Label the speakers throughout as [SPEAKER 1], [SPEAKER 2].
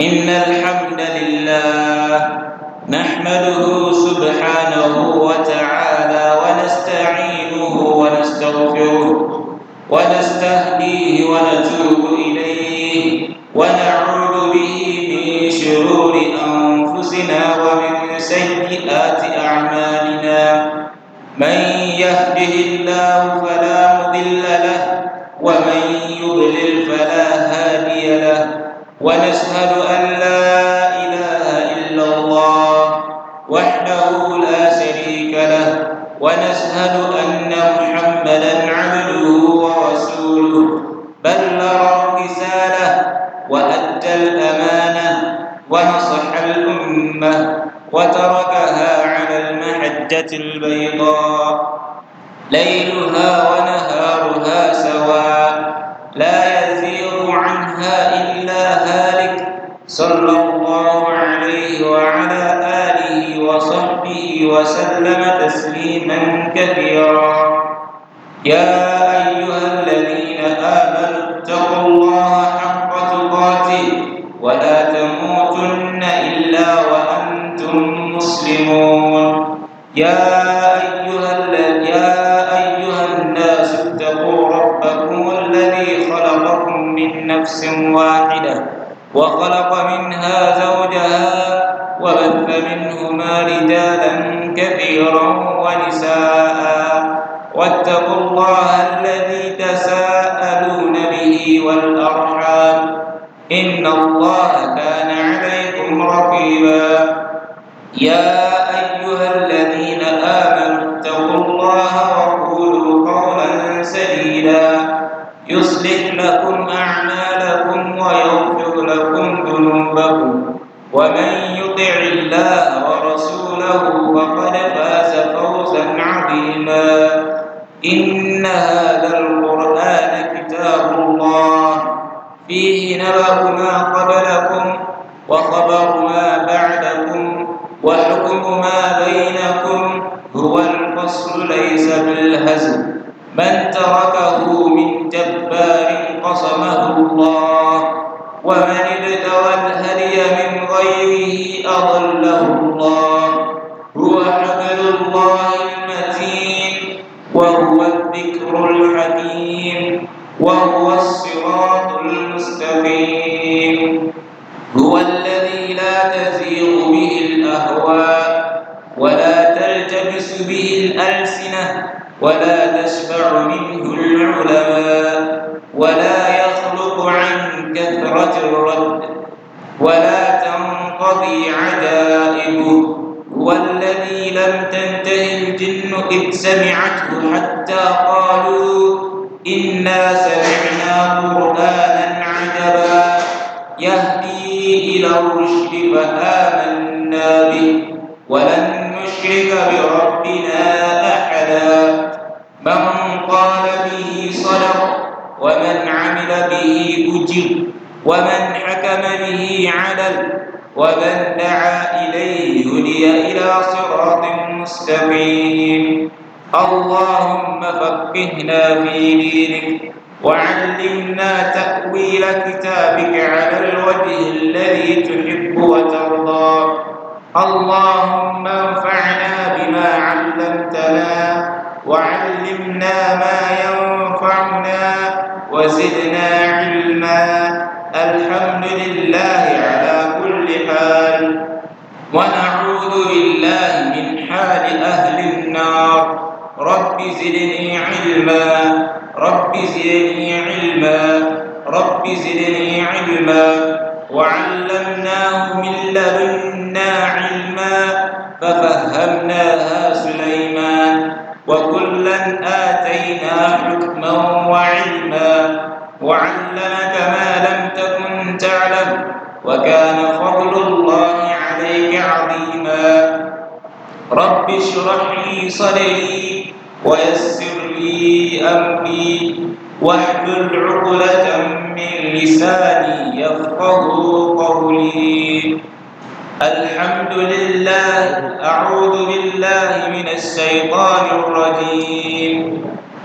[SPEAKER 1] إن الحمد لله نحمده قالوا له سمع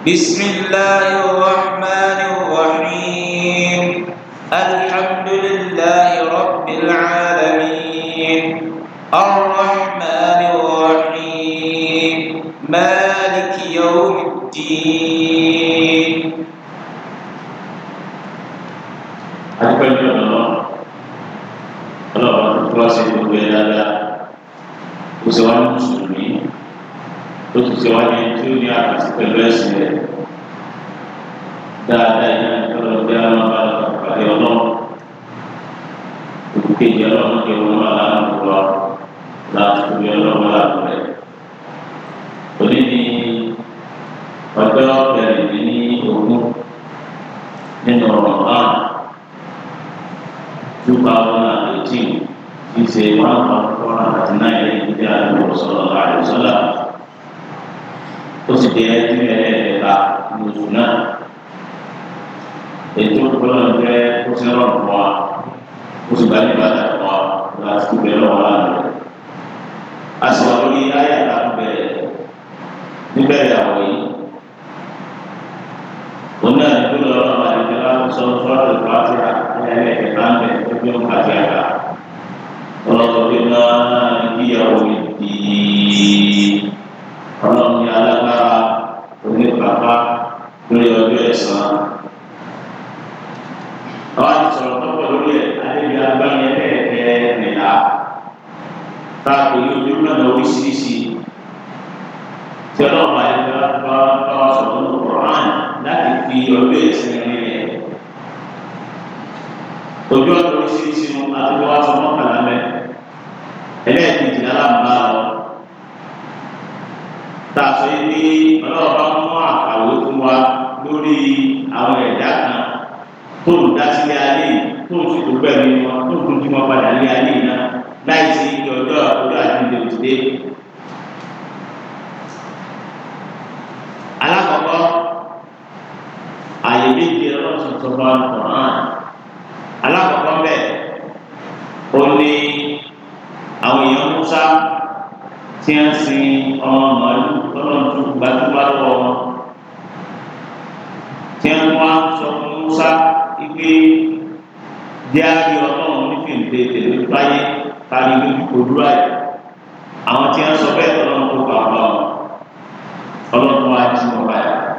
[SPEAKER 1] বিস্মি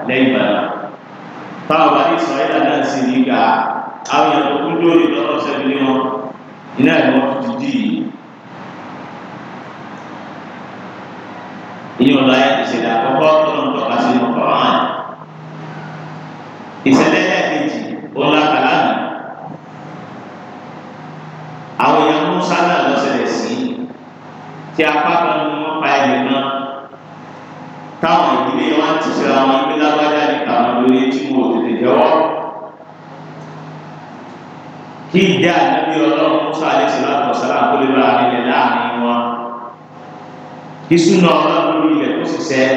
[SPEAKER 2] lẹ́yìn bàbá táwọn bá ní sọ̀rọ̀ náà sì ní ga àwọn èèyàn tó kún lórí lọ́wọ́ sẹ́bi ní wọn iná ẹ̀ wọ́n ti dì í. ìyọ̀nà ẹ̀ ṣẹ̀dá àkọ́kọ́ tó ń tọ́ka sí ọkọ̀ wọn. ìdá ànábì ọlọ́run musa alẹ́sìlá ọ̀sálà tó lè bá nílẹ̀ láàrin wọn ìsúná ọlọ́run lórí ilẹ̀ kó sì sẹ́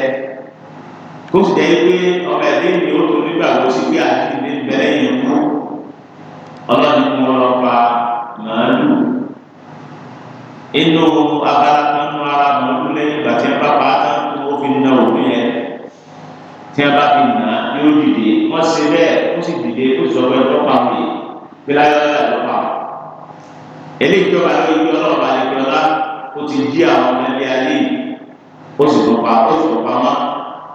[SPEAKER 2] kó sì jẹ́ pé ọmọ ẹ̀dín ni ó tó nígbàgbọ́ sí pé àti ní bẹ̀rẹ̀ yìí mú ọlọ́run mú ọlọ́ pa màálù inú abala kan nú ara màálù lẹ́yìn ìgbà tí wọ́n bá pa á tán tó wọ́n fi na òun yẹn tí wọ́n bá fi nà yóò dìde wọ́n ṣe bẹ́ẹ̀ ó sì dìde ó sọ pé ọ̀pọ̀ àwọn yìí pé láyọ̀ eléyìí tó bá lórí ibi ọlọ́run bá lè fi ọlá ó ti jí àwọn ọmọ ẹgbẹ́ ayé ó sì tó pa ó sì tó pa wọn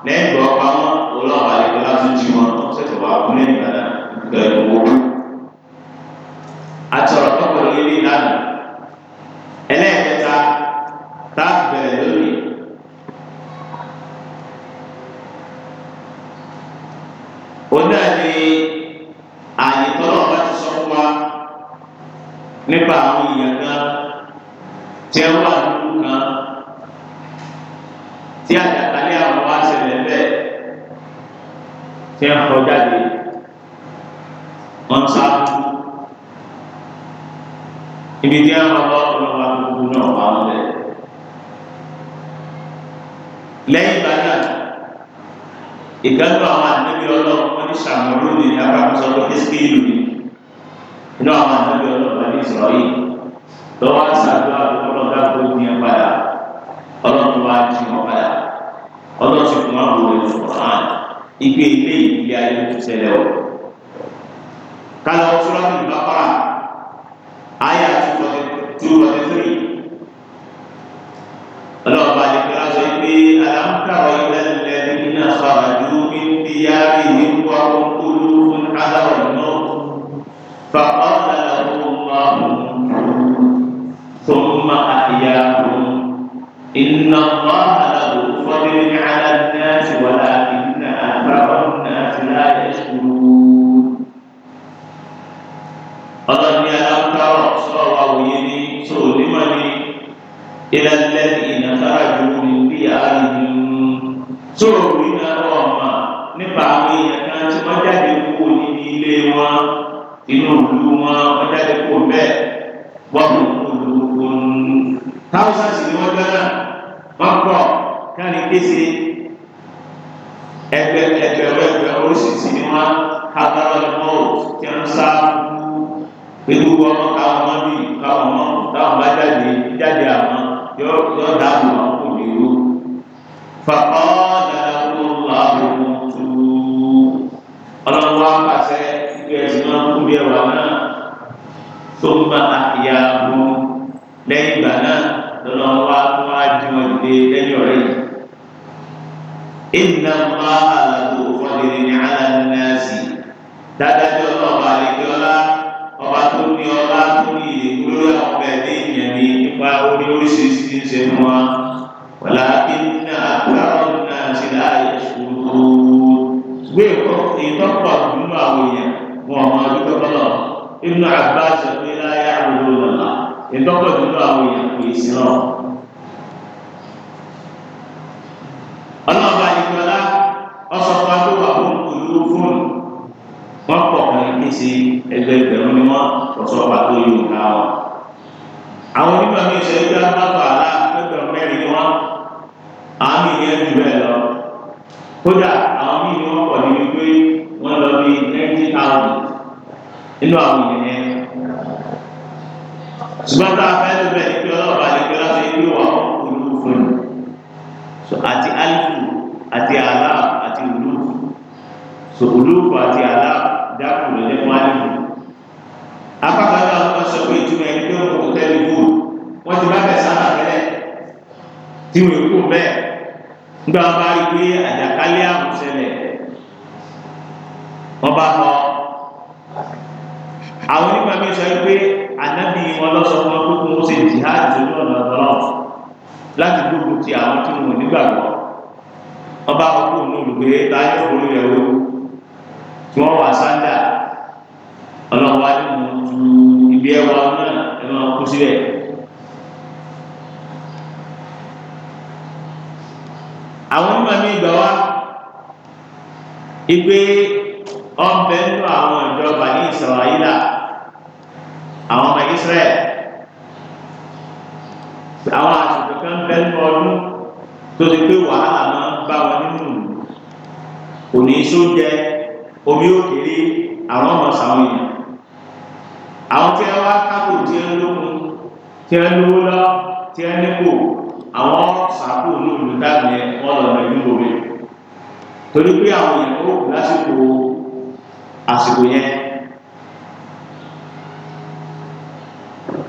[SPEAKER 2] lẹ́yìn tó pa wọn ọlọ́run bá ọlá tó jí wọn ó sì tó pa wọn lẹ́yìn tó pa wọn àti ọ̀rọ̀ tó pọ̀ lórí ilé ìlànà ẹlẹ́ẹ̀kẹta táà nípa àwọn èèyàn kan tí ẹ wà nínú kan tí àjàkálẹ̀ àwọn wá ṣẹlẹ̀ bẹ́ẹ̀ tí ẹ ń kọ jáde wọ́n ń sá fún ibi tí ẹ ń lọ ọlọ́wà gbogbo náà wà ń bẹ̀. lẹ́yìn ìgbà ìgbàgbọ́ àwọn àdébí ọlọ́run wọ́n ní sàmúlò ní abàmúsọ̀rọ̀ ẹ̀sìkì ìlú ní inú àwọn àdébí ọlọ́run. Israel lọ́wọ́ àṣàdúrà lọ́wọ́ dáko ní ẹ padà ọlọ́run wá jí wọn padà ọlọ́run sì fún wọn wò lè fún wọn ìgbé ilé ìgbé ayé tó ṣẹlẹ̀ o. kálọ̀ ọ̀ṣọ́rọ́ ní ìbápára ayé àti two forty three ọlọ́run bá lè fi ránṣẹ́ pé alámúkàwé ilẹ̀ nílẹ̀ nínú àṣà àdúgbò ní ìyá rẹ̀ yìí wọ́n kó. إن الله له فضل على الناس ولكن أكثر الناس لا يشكرون ألم يلم ترى صراويني سلمني إلى الذين خرجوا من ديارهم سرورنا وما نبعي كان سمجد قولي إليه inú ìlú wọn ọjà lè kó bẹ́ẹ̀ wọ́n kò lóko táwọn sáà sì ni wọ́n gbẹ́ náà wọn pọ káàní kése ẹgbẹ ń ṣe fún wa wàlá iná àgbáwọ̀ náà ṣe láàyè ṣòro gbé ìtọ́pọ̀ nínú àwọn èèyàn wọn ọmọ adúgbò bọ́lọ̀ inú àgbá ṣe pé láyé àwòrán lọ́la ìtọ́pọ̀ nínú àwọn èèyàn kò sí náà. ọlọ́ọ̀bá ìgbọ́lá ọ̀sọ̀kọ́ tó wà fún ìlú fóònù wọ́n pọ̀ kan ní sí ẹgbẹgbẹ̀rún ni wọ́n ọ̀sọ̀kọ́ tó yóò ká wọn. àwọn onímọ̀ mi ṣe ṣùgbọ́n tá a fẹ́ ló bẹ̀ kí ọlọ́run bá wa olúwo fún so àti alifu àti ala, àti olúwo so olúwo àti àlá dákùn ló lé wọn alifu apákàtà wọn sọ pé ìtumọ̀ ẹni pé wọn kò tẹ́lẹ̀ kú wọn ti bá bẹ̀ sára tẹ́lẹ̀ tí wọn kú bẹ́ẹ̀ nígbà wọn bá rí pé àjàkálẹ̀ àrùn wọn bá kọ́ àwọn onímọ̀ mi sọ ànábì wọn lọ́sọ̀ fún akókò wọn ṣe jihad lórí ọ̀nà ọ̀dọ́rọ̀ láti gbógun ti àwọn tí wọn nígbàgbọ́ wọn bá wọn kó ní olùgbé láyé òkúrú rẹ o tí wọn wà sáńdà ọlọ́wọ́ ayé mu ju ibi ẹwà náà ẹ máa kú sílẹ̀. àwọn onímọ̀ mi gbà wá ìgbé ọbẹ̀ nínú àwọn ìjọba ní ìsọ̀rọ̀ ayé àwọn ọmọ Israẹl àwọn àsìkò kan bẹ ní ọdún tó ti pé wàhálà máa ń bá wọn nínú kò ní í sóúnjẹ omi òkèlè àwọn ọmọ sàwọn èèyàn àwọn tí wọn wá kápò tí wọn lókun tí wọn lówó lọ tí wọn nípò àwọn sàkó ní olùdáàbò wọn lọ lọ ìlú lórí torí pé àwọn èèyàn ó lásìkò àsìkò yẹn.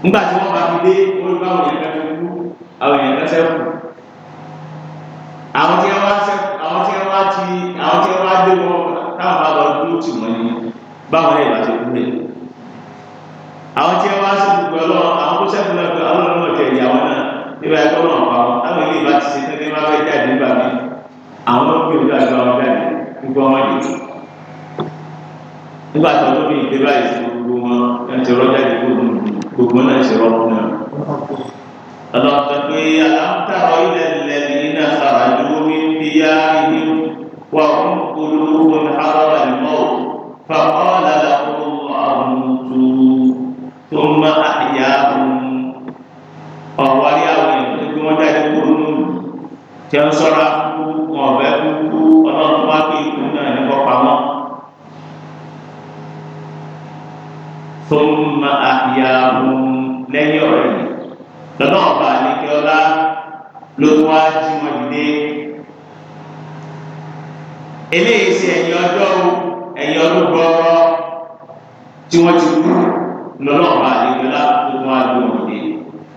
[SPEAKER 2] nígbà tí wọ́n bá fi dé orí bá àwọn èèyàn kan kú àwọn èèyàn kan sẹ́kù àwọn tí wọ́n wá sẹ́kù àwọn tí wọ́n wá ti àwọn tí wọ́n wá dé wọn táwọn bá lọ dúró tì wọ́n ní báwọn ẹ̀yà ti kú rẹ̀ àwọn tí wọ́n wá sẹ́kù pẹ̀lú àwọn tó sẹ́kù náà pẹ̀lú àwọn ọ̀nà ọ̀jẹ̀ ìyàwó náà nígbà tí wọ́n náà pa wọn táwọn ilé ìbá ti ṣe tẹ́lẹ̀ máa fẹ́ jáde nígbà mi àwọn tó gbé nígbà tí wọ́n jáde nígbà wọn yìí nígbà tó lóbi ìdébáyìí gbogbo wọn ẹni tí rọ́jà lè gbóòórùn gbogbo náà ṣe rọ́ọ̀mù náà. ọlọ́pàá pé aláǹtà ilẹ̀ lẹ́ni iná sàràjú omi ń bí yá ibi wà fún olówó ní àbábà ìmọ̀ fàkọ́ọ̀lá làwọn àwọn tó tó má àyà ọ̀wọ́ ayé àwọn èèyàn tó gbé wọn jáde kúrò nù tí wọ́n sọ́ra fún ọ̀bẹ kúkú ọlọ́pàá ثم أحياهم lẹ́yìn ọ̀rẹ́ yìí lọ́dọ̀ ọba àlekè ọlá ló tún wá jí wọn dìde eléyìí ṣe ẹ̀yìn ọjọ́ ẹ̀yìn ọdún gbọ́ọ́rọ́ tí wọ́n ti kú lọ́dọ̀ ọba àlekè ọlá ló tún wá jí wọn dìde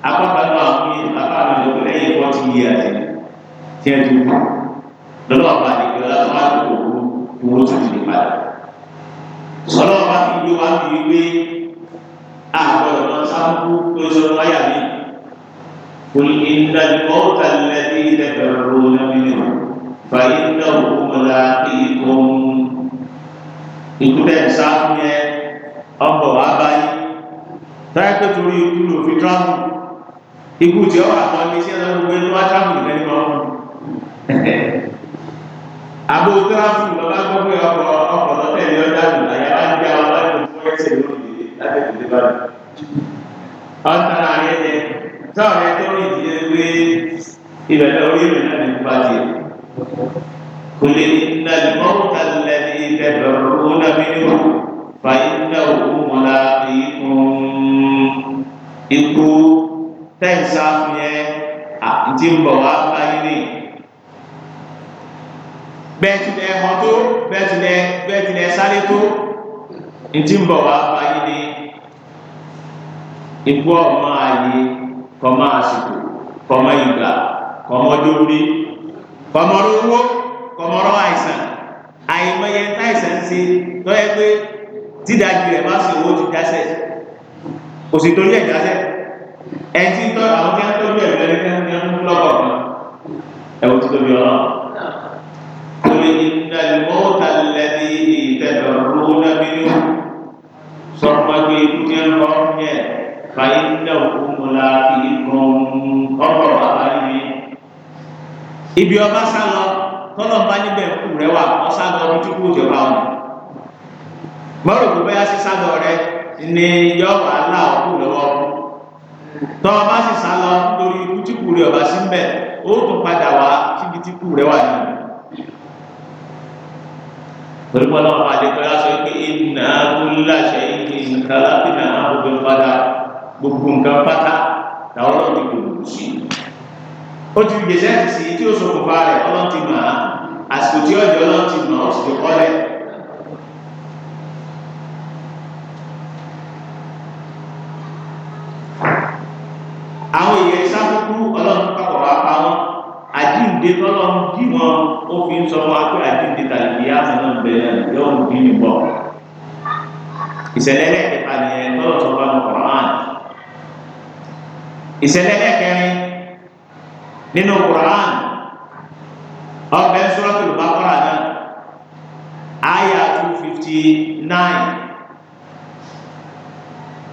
[SPEAKER 2] apáta náà àwọn yìí bàbá mi sọlọ́ wa fi gbé wa fi gbé àgbọ̀dọ̀ náà sábú pé sọ́nù wáyà mi kò ní kí n dájú kọ́ ọ́ tà lẹ́yìn ìdẹ́gbẹ̀rún lọ́wọ́ náà mi nìyẹn fàyè ń dá òkú mọ́lá èyí kò ń ikú bẹ́ẹ̀ sáfún yẹ ọkọ̀ wá báyìí táyà pé torí ikú ló fi tíráàmù ikú tí ọ wà ní sí ẹ̀rọ gbogbo ẹni wá tíráàmù nìkan ní ọkùnrin àbò tíráàmù lọ́ba gbọ́. ẹsẹ̀ lónìí láti ẹ̀kọ́ tó bá rẹ̀. ọ̀tara yẹn jẹ sọ̀rọ̀ yẹn tó rìn jìnnà pé ìrẹ̀lẹ̀ orí rẹ̀ náà ní bá tiẹ̀. kò lè nà lọ́ọ̀tà lẹ́ni ìtẹ̀bẹ̀rù ọ̀nà mímú fàyínà òkú mọ́lá ikú tẹ̀sán fún àti ń bọ̀ wá báyìí nìyí bẹ́ẹ̀tìlẹ̀ ẹ̀họ́ tó bẹ́ẹ̀tìlẹ̀ bẹ́ẹ̀tìlẹ̀ sáré tó ntí ń bọ̀ wá báyìí ní ikú ọmọ ayé kọ́mọ àsìkò kọ́mọ ìgbà kọ́mọ dórí kọ́mọ owó kọ́mọ àìsàn àìmọye ń táìsàn ń ṣe lọ́yẹ pé dídájú rẹ̀ bá sọ owó ti dáṣẹ̀ kò sì torí ẹ̀ dáṣẹ̀ ẹ̀ tí tọ́ àwọn kẹ́ńtọ́ bí ẹ̀rọ ẹ̀rọ ẹ̀rọ lọ́kọ̀ọ̀kan ẹ̀wọ̀n ti tóbi ọlọ́run. فإنهم ملاقيكم ọ̀rọ̀ bàbá yìí. ibi ọba sá lọ tọ́lọ̀ bá níbẹ̀ kú rẹ wà ọ sá lọ ojú kú ìjọba ọ̀nà. gbọ́dọ̀ kó bẹ́yà sí sálọ rẹ ni yọ wà lá òkú lọ́wọ́. tọ́ ọba sì sá lọ lórí ikú tí kú rẹ ọba sí mbẹ̀ ó tún padà wá síbi tí kú rẹ wà ní. torí wọn lọ́wọ́ àdékọ́yà sọ pé ìnáwó láṣẹ ìkàlà bí ó padà gbogbo nǹkan pátá làwọn ọlọ́run ti kò lù sí. ó ti gbèsè sí tí ó ṣokùnfà rẹ̀ ọlọ́run ti mọ̀ á àsìkò tí ọjọ́ ọlọ́run ti mọ̀ ọ́ sì ti kọ́ lẹ̀. àwọn èèyàn sáfúkú ọlọ́run pàpọ̀ wá pa wọn àjíǹde lọ́lọ́run bí wọn ó fi ń sọ wọn pé àjíǹde tàbí àmì náà ń bẹ̀rẹ̀ yọ̀ọ́ bí nìbọ̀ ìṣẹ̀lẹ̀ ẹ̀kẹta nìyẹn lọ́lọ́sọ̀rọ̀ àwọn ọ̀rọ̀ àná ìṣẹ̀lẹ̀ lẹ́kẹrin nínú Qur'an ọbẹ̀ Suratul Baqara náà àyà 259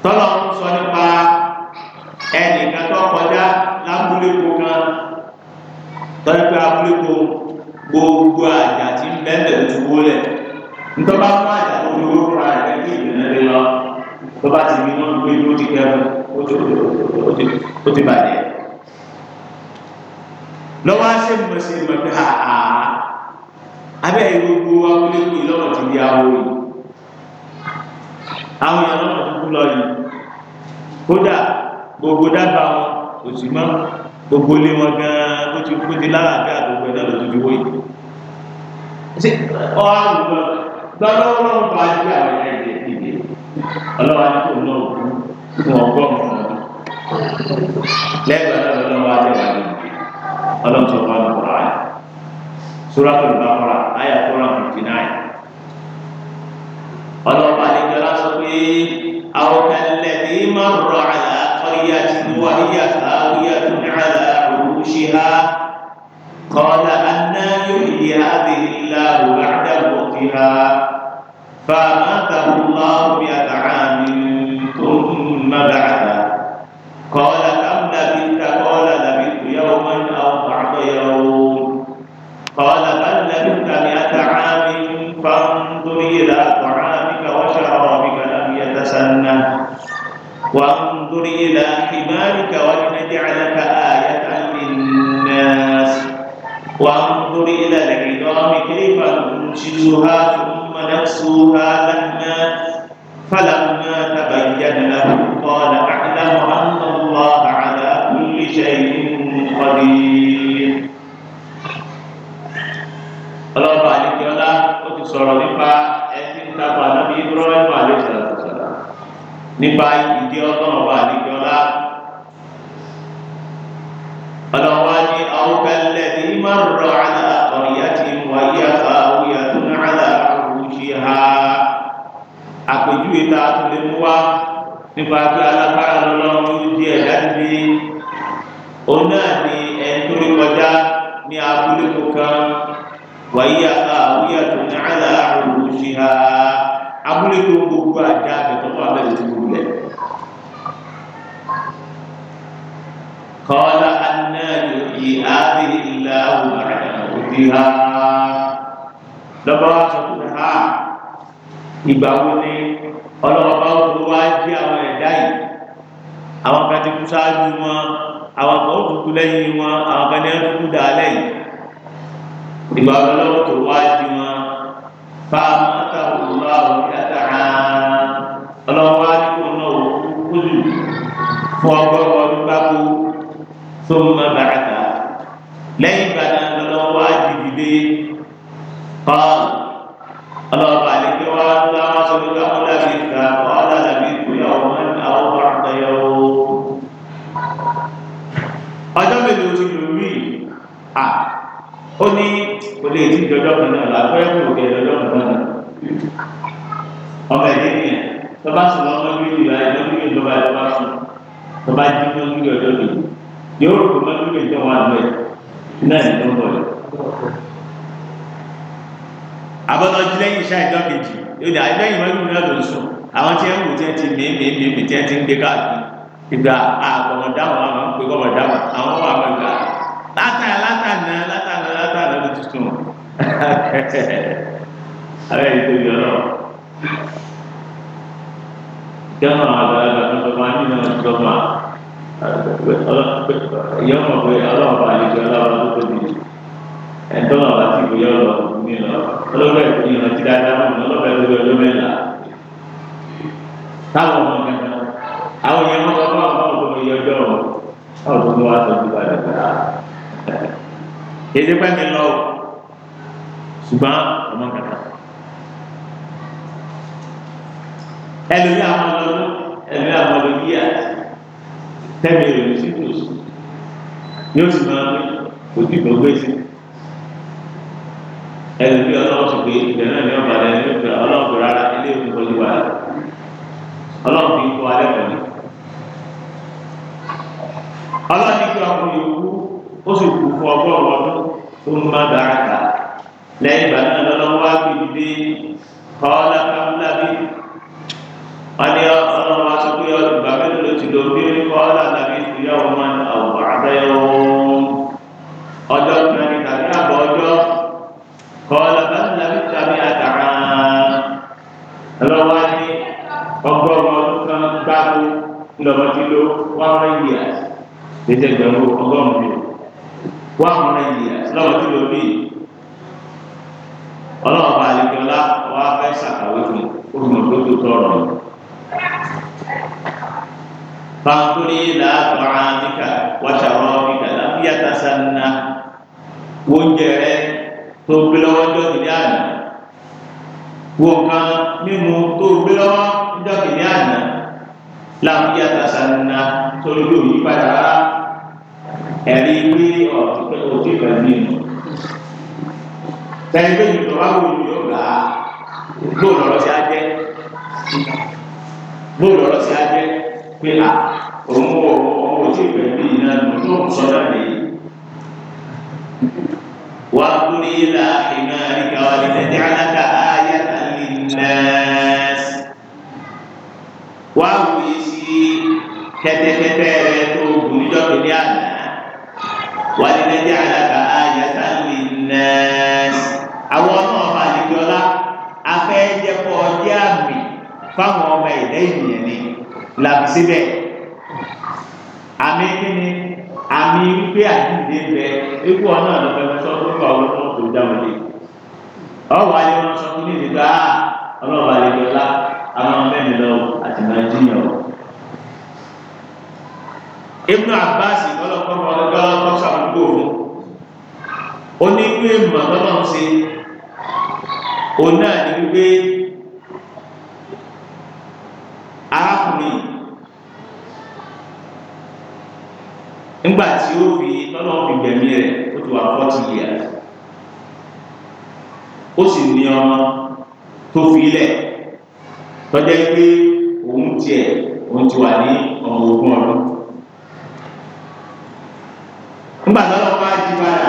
[SPEAKER 2] tọ́lọ̀ ń sọ nípa ẹnìkan tó kọjá lábúléko kan tọ́jú abúléko gbogbo àjà tí ń bẹ́ẹ̀ bẹ̀rẹ̀ tó wọlé ntọ́ba fún àjà tó wọlé wọ́n fúnra rẹ̀ kí ìdènà lé lọ tọ́ba ti rí náà gbé ló ti kẹ́rù ó tó lò ó ti bàjẹ́ lọ́wọ́ á ṣe mọ̀ sí mọ̀ pé àà abẹ́ gbogbo awolẹ́kùn lọ́wọ́ ti di awo yìí àwọn èèyàn lọ́wọ́ tuntun lọ yìí kódà gbogbo dábàá wọn kò sí mọ́ gbogbo ilé wọn gan-an kó ti kó ti lára àbí àgbègbè náà lọ́dún tó wọ́yìí ṣe ọ àwùjọ gbọ́dọ̀ ọlọ́run bá a jẹ́ àwọn ẹ̀yà ìdíje ọlọ́run á ní kò náà kú fún ọgọ́rùn lẹ́gbàá náà lọ́dún wa jẹ́ wà nínú ọlọ́run tó wà lọ́kọ̀ rà yìí sura tó lọ́kọ̀ rà ayà tó rà fìfì náà yìí ọlọ́pàá ní jọlá sọ pé àwọn kẹlẹ̀ ní máa rọ̀ àlà ọ̀yà tí wọ́n yà káwíyà tó ní àlà òwúṣìhá قال أنا يحيي هذه الله بعد موتها فأماته الله مئة عام الجنة وانظر إلى حمارك ولنجعلك آية للناس وانظر إلى العظام كيف ننشزها ثم نكسوها لحما فلما تبين له قال أعلم أن الله على كل شيء قدير الله عليك يا الله nípa ìdí ọlọ́run wà níbi ọlá ọlọ́wà ní àwòkálẹ̀ ní márùn-ún àlà ọ̀rìyá ti wáyé àfà òyà tó ní àlà àwòṣe ha àpèjúwe tá a tún lè mú wá nípa pé alágbára lọ́lọ́run ló di ẹ̀dá níbi òun náà ni ẹni tó lè kọjá ní abúlé kankan wáyé àfà òyà tó ní àlà àwòṣe ha abúlé tó gbogbo àjà àbẹ̀tọ́ fún abẹ́rẹ́ tó قال أنا يحيي هذه الله بعد موتها lọ́bàá sọ fún ha ìgbà wo ni ọlọ́ọ̀bá òkú wá jí àwọn ẹ̀dá yìí àwọn kan ti kú sáájú wọn àwọn kan ó dúdú lẹ́yìn wọn àwọn kan ní ẹ̀ dúdú dà lẹ́yìn ìgbà wo lọ́wọ́ tó wá jí wọn bá a máa ta òun lọ àwọn ìdáta hàn ọlọ́wọ́ á ní kó náà ó kú kúlù fún ọgbọ́n ọdún gbáko tó ń bá bàtà lẹ́yìn ìgbàdá lọ́wọ́ wá dìdìde paul ọlọ́ọ̀bà àlejò wa ń bá wọn sọ pé káwọn dàbí ìgbà wọn dàbí ìgbéyà wọn àwọn bá ń tẹ̀yà o. ọjọ́ mélòó ti lò rí à ó ní kò lè ti jọjọ́ kan náà làbẹ́ kò kẹ́ jọjọ́ kan náà ọmọ ẹ̀dẹ́ nìyẹn tó bá sùn lọ́mọ bí ìlú ayé lọ́mọ bí ìjọba ìjọba sùn tó bá jí lọ́mọ bí ọjọ́ kejì yóò rò pé lọ́dún méjì wà lọ́ẹ̀ náà ní bọ̀ yìí. àbọ̀dọ̀ jí lẹ́yìn iṣẹ́ ìjọ kejì yóò dé àìlẹ́yìn mọ́lúù náà ló ń sùn àwọn tí ẹ ń wò tí ẹ ti mèémèémèé tí ẹ ti ń gbé káàkiri ìgbà àkọ̀mọ̀dáwọ̀ àwọn pé kọ̀mọ̀dáwọ̀ àwọn wà wọ̀ ìgbà látàná látàná látàná látàná ló tuntun abẹ́ ìtòbi ọlọ́wọ́ ìjọba àgbàlagbà tó bá nínú ìjọba ìyá ọmọ pé ọlọ́run bá àlejò ọlọ́run tó tóbi jù ẹ̀ńtọ́ náà láti ìwé yọ lọ ní lọ ọlọ́gbà ìpín ìrántí dáadáa mọ̀ ní ọlọ́gbà ìwé ọjọ́ mẹ́la táwọn ọmọ mẹ́ta àwọn yẹn wọ́n sọ fún àwọn ọmọ ìyá ọjọ́ ọ̀ ọ̀ tó wá tọ́jú padà gbà èdè pẹ́ mi lọ ṣùgbọ́n ọmọ kàkà ẹlòmí àwọn ọlọ́dún ẹlòmí àwọn ọlọ́dún yíyà tẹ́mi rẹ̀ ní sídùs ní ó sì máa ń kó dìbò gbèsè ẹni bí ọlọ́run ti gbé ìgbẹ́ náà ní ọba rẹ̀ ní ìgbẹ́ ọlọ́run kò rárá ilé ìwé wọlé wà ọlọ́run fi kó alẹ́ pọ̀ ní. ọlọ́run ní kí ọkùnrin yòókù ó sì kú fún ọgọ́rùn-ún ọdún tó ń bá dára kà lẹ́yìn ìgbà náà lọ́lọ́wọ́ wá bí dé kọ́ọ́lá kámúlábí wọ́n ní ọlọ́run wá sọ pé ọdún bàbá mi ló ti lò bí ó ní kọ́ọ́lá one hundred years létí ẹgbẹ̀rún ọgọ́rùn-ún mi one hundred years lọ́wọ́ tí ló bí ọlọ́ọ̀bà àlejòlá wà fẹ́ ṣàkàwé fún ògùn tó tó tọrọ yìí. Fàkúrí làákùrá níkà wàṣàrọ̀ níkà lábíyà tásánná wóúnjẹ rẹ tó gbé lọ́wọ́ jọ́kìlì àná. Wọ̀n kan mímu tó gbé lọ́wọ́ jọ́kìlì àná láwọn yíyá ta sanna torí pé òyìnbó padà rárá ẹ̀rí pé ọ̀tún òtún ìpàdé nù. Tẹ̀lé pé ìjọba wo ni yóò gbà á bóòlù ọ̀rọ̀ sí ajẹ́ bóòlù ọ̀rọ̀ sí ajẹ́ pé à òun ò òun ò tí ì pẹ̀lú náà lò tó ń sọ náà nìyí. Wà á kú ní ilà ìnáyà ní káwá ní tẹ̀lé àdáká. kẹ́tẹ́kẹ́tẹ́ rẹ tó gùn níjọ́ kìíní àná wàlídẹ́jẹ́ alága ayẹta lè nà àwọn náà máa lè jọlá afẹ́jẹ́pọ̀ ọjẹ́ àmì fáwọn ọmọ ẹ̀dá ènìyàn ni làbí síbẹ̀ àmì kíni àmì wípé àdìdè bẹ ikú ọ̀nà ọ̀dọ̀fẹ́ sọ fún ìgbà ọ̀rọ̀ tó tó dáwọn lé ọ̀wọ́ ayé wọn sọ fún ìdíjọ́ ọlọ́ọ̀bà lè àwọn ọmọ ẹ̀mí lọ àtìmọ́ ẹ̀jìyàn Ibn Abbas ọlọ́pọ̀lọpọ̀ ọlọ́pọ̀ sàmúgbò fún onígbé mọ̀tọ́lọ́ ń ṣe òun náà ní wípé arákùnrin nígbà tí ó fi tọ́lọ́ fi gbẹ̀mí rẹ̀ ó ti wà fọ́tì yíyà ó sì ní ọmọ tó fi lẹ̀ tọ́jẹ́ pé òun tiẹ̀ òun ti wà ní ọmọ ogún ọdún nígbà tó lọ́wọ́ bá jí padà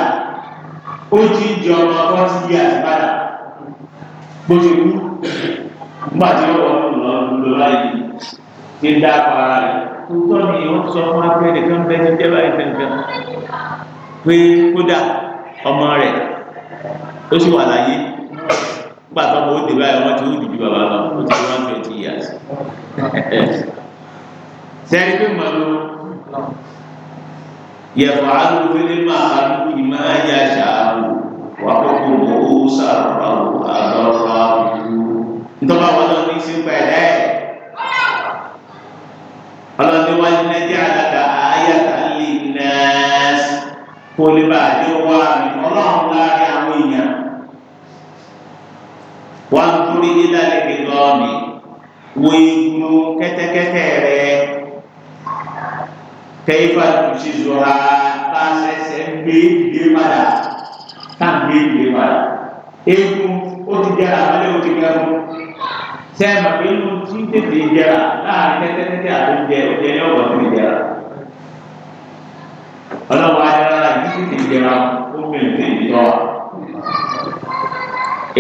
[SPEAKER 2] ó jí di ọmọ ọgbọ́n sí yíyá sí padà bó ṣe kú nígbà tí ó wọ́n lọ lọ láyé ti dá para rẹ̀ tó ní ìwọ́n sọ fún abẹ́rẹ́ kan bẹ́ẹ̀ ní jẹ́ báyìí kankan pé kódà ọmọ rẹ̀ ó sì wà láyé nígbà tó ọmọ dé báyìí wọ́n ti ó dìbí bàbá lọ ó ti wọ́n twenty years sẹ́ni pé màá يفعل في المعروف ما يشاء وحكمه سرا أضرا انتبه ولو نسيب بعدين ولو ولنجعلك آية للناس قل بعد وعمل الله لا يعوينا وانظر إلى العظام ويجنو كتكتيرك kẹ́yìfà tùsí zọra tá a ṣẹ̀ṣẹ̀ ń gbé ìdílé padà tá a ń gbé ìdílé padà eégún ó ti jẹrà àbálẹ̀ ó ti jẹun sẹ́ẹ̀mà pé inú tí ń tètè jẹrà láàrin tẹ́tẹ́tẹ́tẹ́ àti oúnjẹ oúnjẹ ní ọ̀gbọ̀n tó ń jẹrà
[SPEAKER 3] ọlọ́wọ́ ayélujára yìí tètè jẹrà ó mìíràn tètè tọ́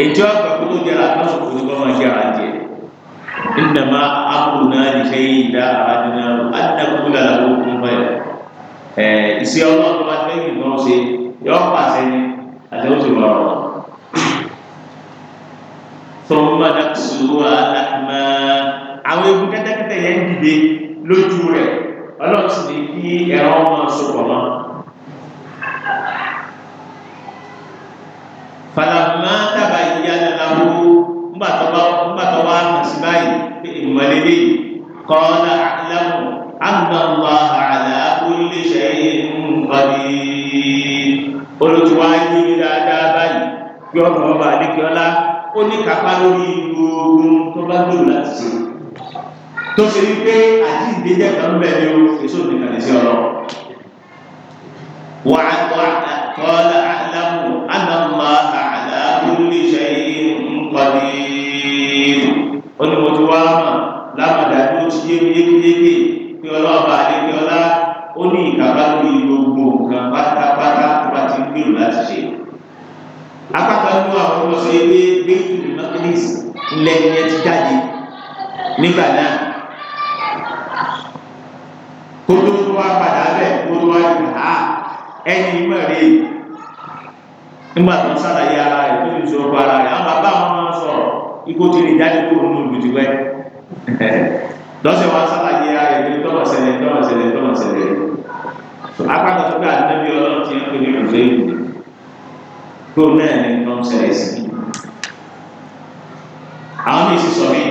[SPEAKER 3] ètò ọ̀gbọ̀n tó jẹrà lọ́sọ̀kọ̀ tó gbọ́n jẹrà
[SPEAKER 2] إنما أمرنا لشيء إذا أردنا أن نقول له كن فيكون ìṣe ọlọ́run bá fẹ́ kí nǹkan ṣe yọ pàṣẹ ni àtẹ̀wọ́ sì wà ọ̀rọ̀. ثم نكسوها لحما àwọn egun kẹ́tẹ́kẹ́tẹ́ yẹn ń dìde lójú rẹ̀ ọlọ́run sì ní kí ẹ̀rọ máa sopọ̀ mọ́. فلما ìmọ̀lẹ́bí kọ́lá àlámù àgbàgbà àlàáfó lè ṣe nǹkanì. olùtúwá yé mi dáadáa báyìí bí ọ̀nà ọba àdékọ́lá ó ní kápá lórí gbogbo tó bá gbòòrò láti ṣe. tó ṣe wípé àjíǹde jẹ́ kan bẹ́ẹ̀ ni o èso nìkan lè ṣe ọ̀rọ̀. وعد قال أعلم أن الله على كل شيء قدير قل متوامى lámàdájú ó ti yé yékéyéké pé ọlọ́ọ̀bà adékẹ́ọ́lá ó ní ìkàbá lórí gbogbo nǹkan pátápátá tó bá ti ń gbèrò láti ṣe. apáta ń mú àwọn ọmọ sọ ewé bẹ́ẹ̀tù mọ́kìlìs ńlẹ̀ ìyẹn ti jáde nígbà náà. kótó tó wá padà bẹ̀ kótó wá jù á ẹni mọ̀rẹ́ nígbà tó ń sàlàyé ara rẹ̀ tó ń sọ̀rọ̀ ara rẹ̀ àwọn bàbá àwọn ọmọ sọ̀rọ̀ ikú ti rìn jáde kúrò nínú ìlú ti wẹ́ẹ́ lọ́sẹ̀ wa sàlàyé ayé pé tọ́mọ̀ sẹlẹ̀ tọ́mọ̀ sẹlẹ̀ tọ́mọ̀ sẹlẹ̀ apáta tó gbà níbi ọlọ́run ti ń pè ní ọ̀sẹ̀ yìí tó náà ní tọ́m sẹlẹ̀ sí i àwọn ní ìsísọ mi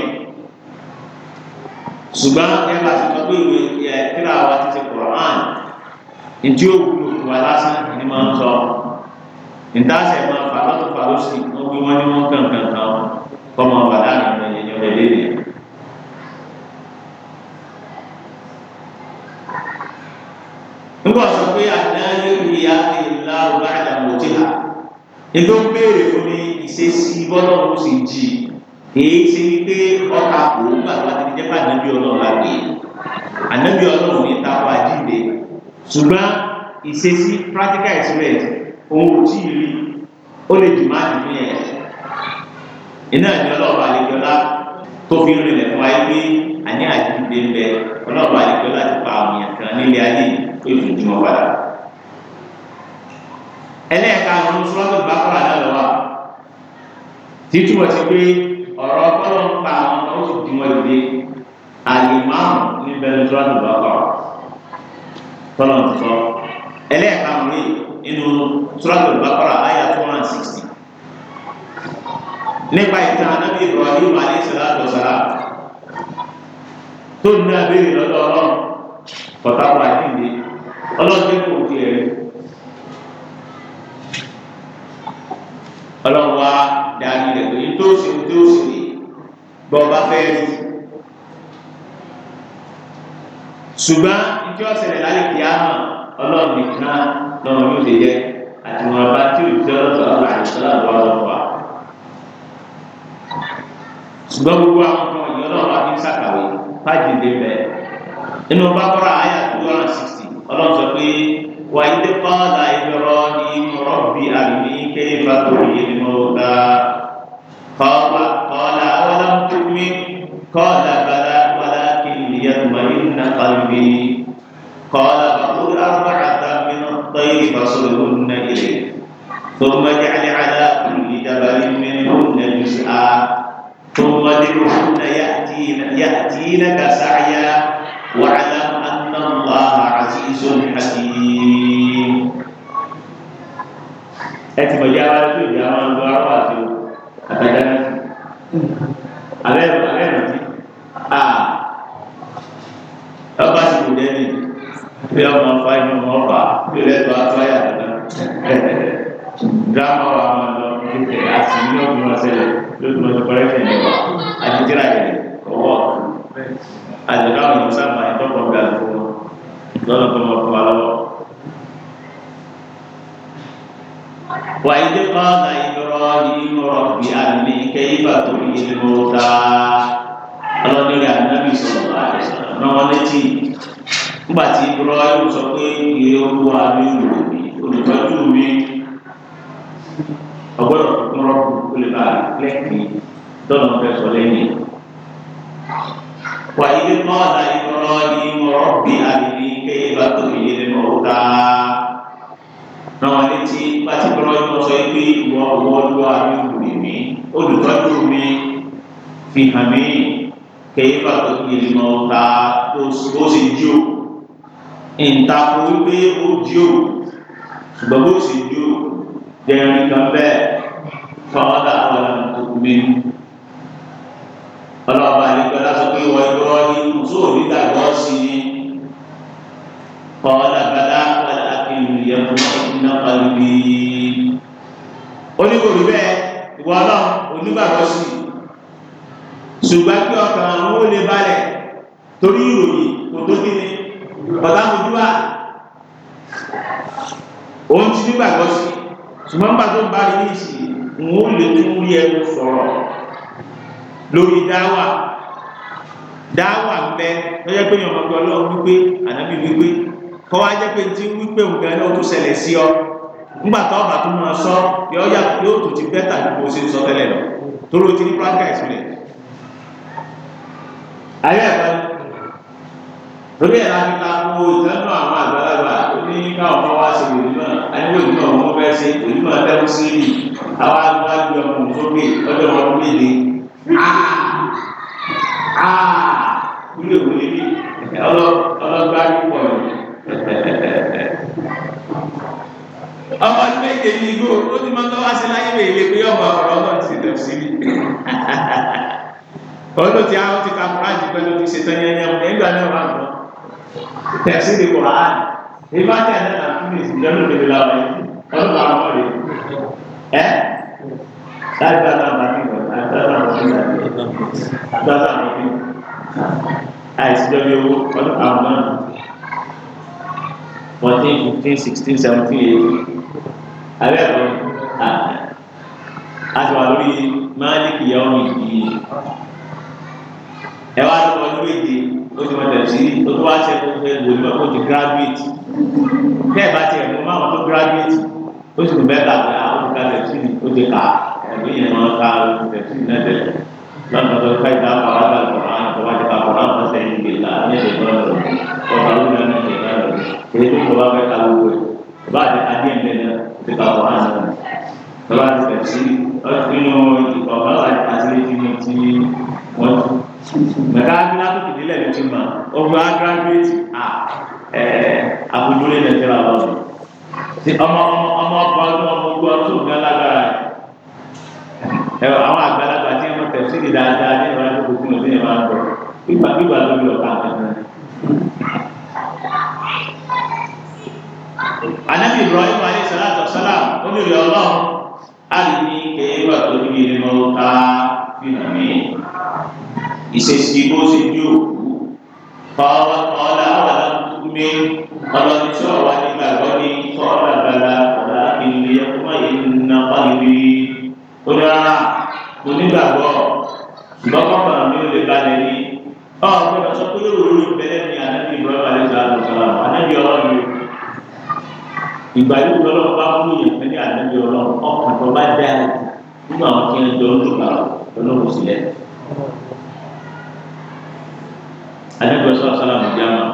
[SPEAKER 2] ṣùgbọ́n ẹ bá ti sọ pé ìwé ẹ kíra wa ti ti Kùránì ntí ó wúlò fún wa lásán ni máa ń sọ ntaasẹ máa fà lọ́tọ̀ fà lọ́sì wọ́n gbé wọn ní wọn kankan kan kọ́ máa wà láàrin ọ̀nà ìyẹn ọ̀rẹ́ lẹ́yìn. nígbà sọ pé àdáyé rí àti ìlà ọ̀gá àdàmọ̀ ti hà ètò ń béèrè fún ní ìṣesí bọ́lá ọ̀hún sì jì èyí ṣe ni pé ọkà òun gbàgbà ti jẹ́ pé ànábì ọlọ́run láti ànábì ọlọ́run ní ìtakọ̀ àjíǹde ṣùgbọ́n ìṣesí practical experience òun ò tí ì rí ó lè jù máa dùn yẹn iná ìjọ ọlọ́ọ̀bà àlejòlá tó fi rìnlẹ̀ fún wa yí pé àní àjíǹde ń bẹ ọlọ́ọ̀bà àlejòlá ti pa àwọn kan nílé ayé yìí pé ìfòjúmọ́ padà. ẹlẹ́ẹ̀ka àwọn oníṣòwò bá kọ́ra náà lọ́wọ́ títúwọ̀ sí pé ọ̀rọ̀ ọpọlọ ń pa àwọn ọmọ oṣù tí wọ́n dìde àlìmáàmù ní bẹ́lẹ́sọ́rọ́ bá kọ́ra tọ́lọ̀ ti sọ ẹlẹ́ẹ̀ka àwọn orí inú sọ́rọ́ bá kọ́ra àyà two hundred and sixty nípa ìtàn anábì Ibrahim alayhi salatu wa salam tó ní abéèrè lọ́dọ̀ ọlọ́run pọ̀tàkùn àdínde ọlọ́jẹ́ kò tiẹ̀ rí ọlọ́wà dàbí rẹ̀ pé tó sì ní tó sì ní gbọ́ bá fẹ́ rí ṣùgbọ́n ìjọ ṣẹlẹ̀ láyé kí á hàn ọlọ́run nìkan náà yóò ṣe jẹ́ àti wọn bá tí òjò ọ̀tọ̀ ọ̀la àìsàn àbọ̀ ọ̀tọ̀ ṣùgbọ́n gbogbo àwọn kan ìyọ́nà wa fi ń ṣàkàwé fájì dé bẹ́ẹ̀ nínú bá kọ́ra àyà tó wọ́n sixty ọlọ́run sọ pé wàyí ti kọ́ ọ̀la ìlọrọ ní rọ́bì àmì kéyìn fàtòrì yìí mọ́ ọ̀gá kọ́ọ̀lá kọ́ọ̀lá ọlọ́run tó mi kọ́ọ̀lá bàlá bàlá kì í yàtúmọ̀ yìí nà kàlùmí kọ́ọ̀lá bàtú àrùbàtà mi nà tọ́yì fàṣọlù nà ilé ثم اجعل على كل جبل منهن جزءا ثم ادعهن يأتين يأتينك سعيا ṣùgbọ́n bó ṣe jó jẹun kan bẹ́ẹ̀ fọwọ́dà wọn tó mi. ọlọ́ọ̀bà àdìgbọ́lá sọ pé wọ́n ìgbọ́ ní tó onígbàgbọ́ sí i fọwọ́dà bàdá wọn àti ìrìyẹ fún iná pàlùbí. oníkòrí bẹ́ẹ̀ ìwọ ọlọ́run onígbàgbọ́ sí i ṣùgbọ́n kí ọkàn àwọn ò lè balẹ̀ torí ìròyìn kò tó kí bàbá mojú wa òun ti nígbàgbọ́ sí ṣùgbọ́n nígbà tó bá rí níṣì n ó lè tún rí ẹnu sọ̀rọ̀ lórí dáwà dáwà ń bẹ lọ́jọ́ pé yọ̀mọ̀ pé ọlọ́run wípé ànábì wípé kọ́ wá jẹ́ pé tí wípé òun gan náà tó ṣẹlẹ̀ sí ọ nígbà tó ọba tó máa sọ yóò yà yóò tó ti bẹ́tà bí mo ṣe ń sọ tẹ́lẹ̀ lọ torí ti ní pàǹkà ìsúlẹ̀ ayé ẹ̀fọ́ torí ẹ̀ láti ta ko ìtẹ́nu àwọn àgbàlagbà ó ní káwọn ọmọ wa ṣe àdúgbò yìí náà wọ́n fẹ́ ṣe òní máa dẹ́kun sí ní àwọn agbájú ọkùnrin tó gbé ọjọ́ wọn ló lè wúlò wúlò bí ọlọ́gbà púpọ̀ rẹ̀. ọmọ tí méje ní igbó ó ti máa ń tọ́wá sí láyé wèé lé pé ọmọ ọ̀rọ̀ náà ti dẹ̀ sí ní. ọdún tí a ti ka kúrájì pẹ̀lú ti ṣe tán yẹn yẹn nígbà náà wà lọ. tẹ̀sí ni kò hàn ìbá tẹ̀ náà kíkèsí lẹ́nu òdèdè láwọn ẹ̀ ọ̀rọ̀ làwọn ọmọ rẹ̀ ẹ́ láì bá náà bá nígbà láì bá náà bá nígbà láì bá náà bá nígbà àìsí lọ́bí owó ọdún àwọn náà fourteen fifteen sixteen seventeen eighteen àbẹ́ ẹ̀kọ́ a ti wà lórí máàlìkì ìyá ọmọ ìdíyẹ ẹ wá lọ́wọ́ lórí èdè ó ti wọ́n tẹ̀sí ó tó wá ṣe kó fẹ́ wòlíwọ́n kó ti graduate bẹ́ẹ̀ bá tiẹ̀ mú máwọn tó gíráduwétì ó sì tún bẹ́ẹ̀ kà àwọn olùkà tẹ̀sí ni ó ti kà ẹ̀mí yẹn máa ka tẹ̀sí náà tẹ̀lé lọ́nà tó ká ìta kọ̀ lábẹ́ àkọ́rọ́ àwọn tó bá ti ka kọ̀rọ́ àwọn sẹ́yìn gbè là ní ẹ̀dẹ̀ náà lọ ọ̀rọ̀ àwọn olùkà náà tẹ̀lé náà lọ èyí tó bá fẹ́ ka gbogbo ẹ̀ bá ti ka díẹ̀ bẹ́ẹ̀ náà ó ti ka kọ̀rọ́ àwọn náà lọ́wọ́ ti tẹ̀sí nínú ìkọ̀ọ̀bá àti ìdíni tí wọ́n tún. Mẹ̀ká àfojúlé lè tẹ́lá lọ́dún tí ọmọ ọmọ ọmọ ọdún ọmọ ogun ọtún ní alágbára ẹ àwọn àgbàlagbà tí wọn tẹ̀ sí ìdáadáa ní ìwà tó kún ní ìwà tó gbígbà gbígbà ló bí ọ̀tá àgbàdo. anabi ibrahim alayhi salatu wa salam olùyọ ọlọ́run alìní kéwà tó níbi ìrìnà ọta fìhàn mí ìṣesí bó ṣe dí òkú kọ́ ọ́ ọ́ gbé ọlọ́ni tí ọ̀wá nígbà gbọ́ ní kọ́ọ̀lá gbala ọ̀la ìlú ẹ̀kọ́ yìí nà pàlùbí onírara onígbàgbọ́ ìgbọ́kọ̀ọ̀kan mi ò lè balẹ̀ ní ọ̀gbọ́n sọ pé lóòrò ìbẹ̀rẹ̀ ni ànábì ìbúrọ̀lá lè gba àlùkọ́lá ànábì ọlọ́run ìgbà yóò lọ lọ́wọ́ bá mú yẹn fẹ́ ní ànábì ọlọ́run ọkàn tó bá dá nínú àwọn tí wọ́n jọ ń lùgbà lọ́wọ́ sílẹ̀ ànábì ọ̀sán sálàmù jáàmù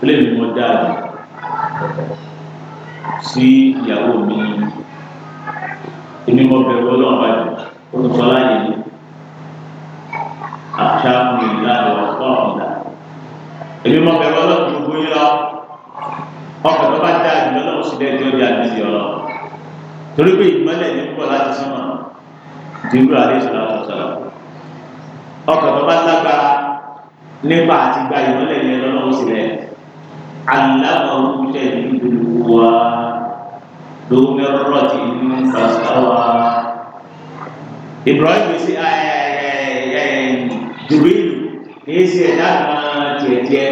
[SPEAKER 2] lè ní mo dáàbò sí ìyàwó mi èmi mo bẹ̀rù ọlọ́run bá jù ó ti sọ láàyè mi àṣà mi ìlànà ọ̀pọ̀ ọ̀dà èmi mo bẹ̀rù ọlọ́run gbogbo yín lọ ọkọ̀ tó bá dáàbò lọ́lọ́run sì dẹ́ẹ̀ tí ó di àdìsí ọlọ́run torí pé ìmọ̀lẹ̀ ní pọ̀ láti sọ́mọ̀ jìbìrì àdéṣọ́lá sọ̀rọ̀ ọkọ̀ tó bá lágbára nípa àti gba ìmọ̀lẹ̀ yẹn lọ́lọ́run sì rẹ̀ علمه شديد القوى ذو مرة فاستوى إبراهيم sí Jibril kìí ṣe ẹ̀dá kan tiẹ̀tiẹ̀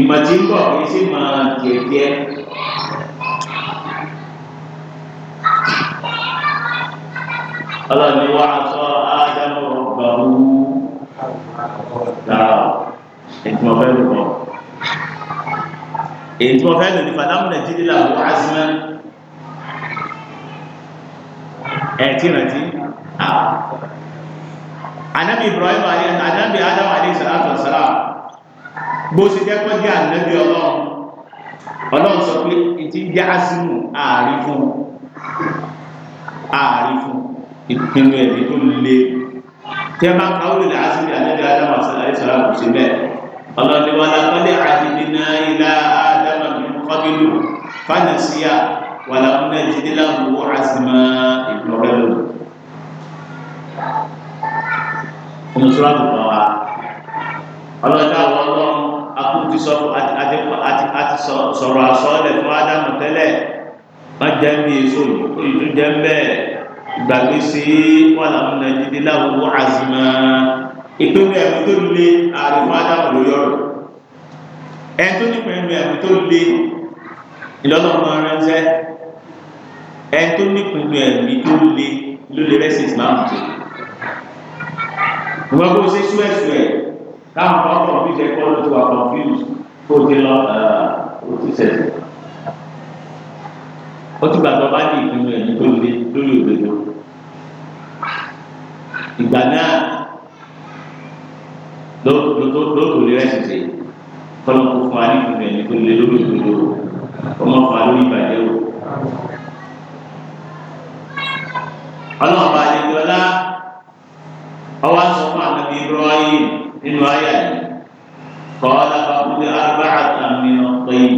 [SPEAKER 2] ìmọ̀ tí ń bọ̀ kìí ṣe mọ̀ tiẹ̀tiẹ̀. ọlọ́ni wá sọ ádámù ọgbà wú dáa ẹ̀gbọ́n èyí tí wọ́n fẹ́ lò ní fàdámù nàìjíríà wọ azimẹ́ ẹ̀tí rántí anabi ibrahim anabi adam alayhi salatu wa salam bó ṣe jẹ́ kó jẹ́ anabi ọlọ́run ọlọ́run sọ pé ìtì ń jẹ́ azimu ààrí fún ààrí fún ìpinnu ẹ̀mí tó le tẹ́ bá ń ka ó lè azimu anabi adam alayhi salatu wa salam kò sí ọlọ́run ni wọn lakọ́lé àdìmí náà ilá kọ́bílù fánàsíyà wàlàmúnà ìdílàwò àzìmá ìlọ́bẹ̀lò. Oníṣòro àtùkọ̀ wa, ọlọ́dà àwọn ọlọ́run akúti sọ̀rọ̀ àsọ́ọ̀lẹ̀ fún Ádámù tẹ́lẹ̀, wọ́n jẹ́ ń bí èso ìlú jẹ́ ń bẹ́ẹ̀ gbàgbé sí wàlàmúnà ìdílàwò àzìmá ìpínlẹ̀ ẹ̀mí tó lé àrùn Ádámù lórí ọ̀rọ̀. Ẹ̀ nípa ẹ̀mí ẹ̀mí tó ìlọ́nà ọmọ rẹ̀ ń sẹ́ ẹni tó nípinnu ẹ̀mí tó le ló lè rẹ́sì ìsìláàmù tó ìwọ́n kó ṣe sú ẹ̀sù ẹ̀ táwọn kan kọ̀ bí jẹ́ kọ́ ló ti wà confused kó ti lọ ó ti sẹ̀sẹ̀ ó ti gbàgbọ́ bá ní ìpinnu ẹ̀mí tó le lórí òdodo ìgbà náà ló tó lè rẹ́sì ṣe kọ́ ló kó fún wa ní ìpinnu ẹ̀mí tó le lórí òdodo ọmọ fà lórí ìbàjẹ́ o. ọlọ́run bá lè dọ́lá ọwọ́ sọ fún àgbẹ̀bí Ibrahim nínú ayà yìí kọ́ lábàbúdé arba'atan min at-tayr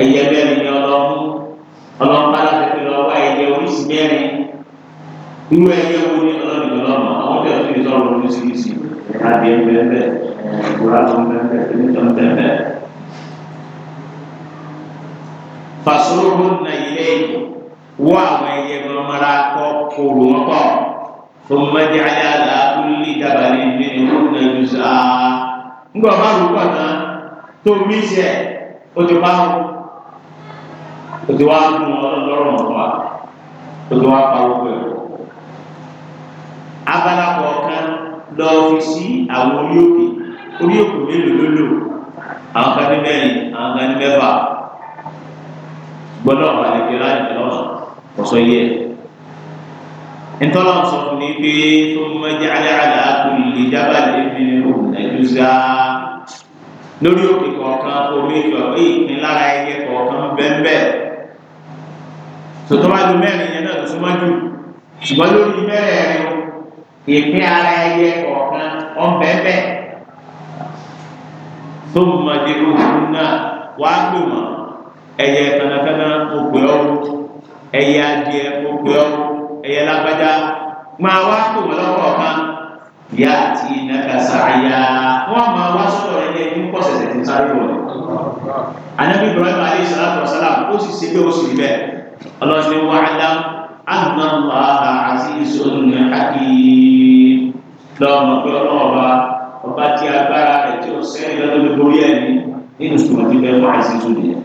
[SPEAKER 2] ẹ̀yẹ bẹ́ẹ̀ ni ọlọ́run ọlọ́run bá láti fi lọ wá ẹ̀yẹ oríṣi mẹ́rin irú ẹ̀yẹ wo ni ọlọ́run ìgbọ́lọ́mọ àwọn ọdẹ òfin sọ̀rọ̀ oríṣiríṣi àbí ẹgbẹ́ bẹ́ẹ̀ ẹ̀ẹ́dùn àtúntẹ̀ẹ́ fasoro na ilé wọ àwọn ẹyẹ mọmọra kọ kóró wọn kọ tòmọdé ayára olùlí dabalẹ nínú wọn na yusa ńgbà bá rú kọ náà tó mí sẹ o ti bá wọn o ti wá gun ọlọ́rọ̀ wọn wá o ti wá abala kọ̀ọ̀kan lọ fi sí àwọn orí òkè orí òkè mélòó ló àwọn kan ní mẹ́rin àwọn kan ní mẹ́fà gbọ́dọ̀ wà ní kí láyé kí lọ́sọ̀ ọ̀sọ̀ yẹ. ntọ́lá sọ fún mi pé tó mẹ́jẹ aláàlá kò lè jábà lẹ́mí òun nàìjíríà lórí òkè kọ̀ọ̀kan omi ìjọ ìpín lára ẹyẹ kọ̀ọ̀kan bẹ́ẹ̀ sọtọ́wájú mẹ́rin yẹn náà ló súnmọ́jú ṣùgbọ́n lórí mẹ́rin ìpín ara ẹyẹ kọ̀ọ̀kan ọ̀bẹ̀ẹ́bẹ̀ tó mọ̀jẹ̀ òun náà wàá gbé wọn ẹyẹ kanakana mo pè ọ́ ẹyẹ adìẹ mo pè ọ́ ẹyẹ lágbájá máa wá pè wọ́n lọ́wọ́ kan yá ti nàka sàáyà wọ́n máa wá sọ̀rọ̀ rẹ ní ẹni pọ̀ sẹ̀sẹ̀ tó sáré wọ̀ anabi ibrahim alayhi salatu wa salam ó sì ṣe bẹ́ẹ̀ ó sì rí bẹ́ẹ̀ ọlọ́sìn wàhálà anamọ́ha azizun hakim lọ́mọ pé ọlọ́ọ̀ba ọba tí agbára rẹ̀ tí ó sẹ́yìn lọ́dún lórí ẹ̀mí nínú sùnmọ́tì bẹ́ẹ̀ wọ́n azizun nìyẹn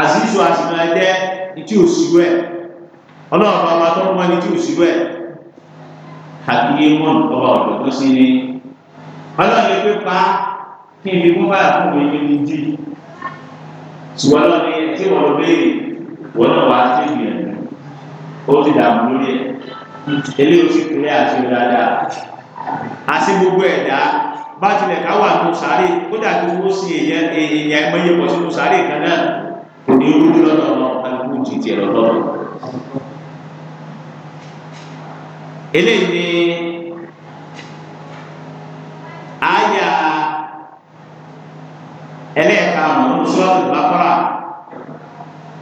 [SPEAKER 2] àzízù àtìmọ̀ ẹ̀dẹ́ ìtí òṣìlú ẹ̀ ọlọ́ọ̀bá ọba tó wọ́n ní tí òṣìlú ẹ̀ àkíyé mọ́n ọba ọ̀dọ̀ tó sí ni ọlọ́ọ̀lẹ́ pé pa kí n fi mú báyà fún mi ní ní jí ṣùgbọ́n ọlọ́ọ̀lẹ́ tí wọ́n béèrè wọ́n náà wá sí ìgbìyànjú ó ti dààmú lórí ẹ̀ eléyìí ó sì kéré àti dáadáa àti gbogbo ẹ̀dá bá tilẹ̀ ká wà nù sáré kódà kí wọ́n sì èèyàn ẹ̀mọ́yé pọ̀ sínú ní ojú lọ́nà ọmọ akú jìjì ẹ̀rọ lọ́nà. eléyìí ni àyà ẹlẹ́ẹ̀ka àwọn sọ́ọ̀tù bàkọ́rà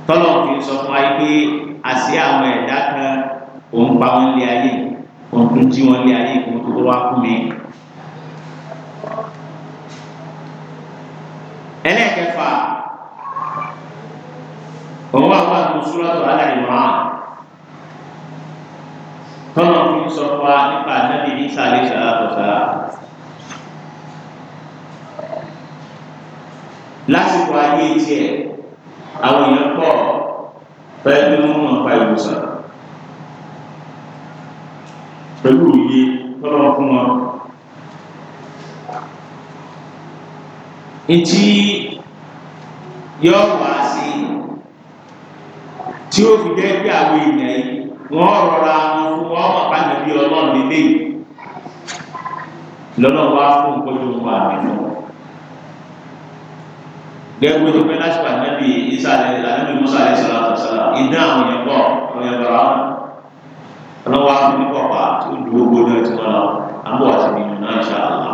[SPEAKER 2] tọ́lọ̀ fi sọ fún ayé pé àṣì àwọn ẹ̀dá kan òun pa wọn lé ayé òun tún jí wọn lé ayé òun tó wá kú mi. ẹlẹ́ẹ̀kẹfà. هو أحد سورة آل عمران كما في صفوة نبقى النبي عيسى عليه الصلاة والسلام lásìkò ayé tiẹ̀ àwọn èèyàn pọ̀ fẹ́ẹ́ bí wọ́n mọ̀ nípa ìwòsàn pẹ̀lú òye tọ́lọ́ fún wọn. Etí yọ̀ọ́ wá tí ó fi jẹ́ pé àwọn èèyàn yìí wọ́n rọra wọn fún wọn wà bá nàbí ọlọ́run nílé yìí lọ́nà wá fún nǹkan tó ń wà nínú. gẹ́gẹ́ tó fẹ́ láti wà nàbí ìsàlẹ̀ àdébí musa àlẹ́ sọ̀rọ̀ àtọ̀sọ̀rọ̀ iná àwọn yẹn pọ̀ àwọn yẹn bọ̀rọ̀ àwọn ọlọ́wọ́ àwọn yẹn pọ̀ pa tó ju gbogbo náà tí wọ́n lọ àbọ̀ àti nínú náà ṣá àlá.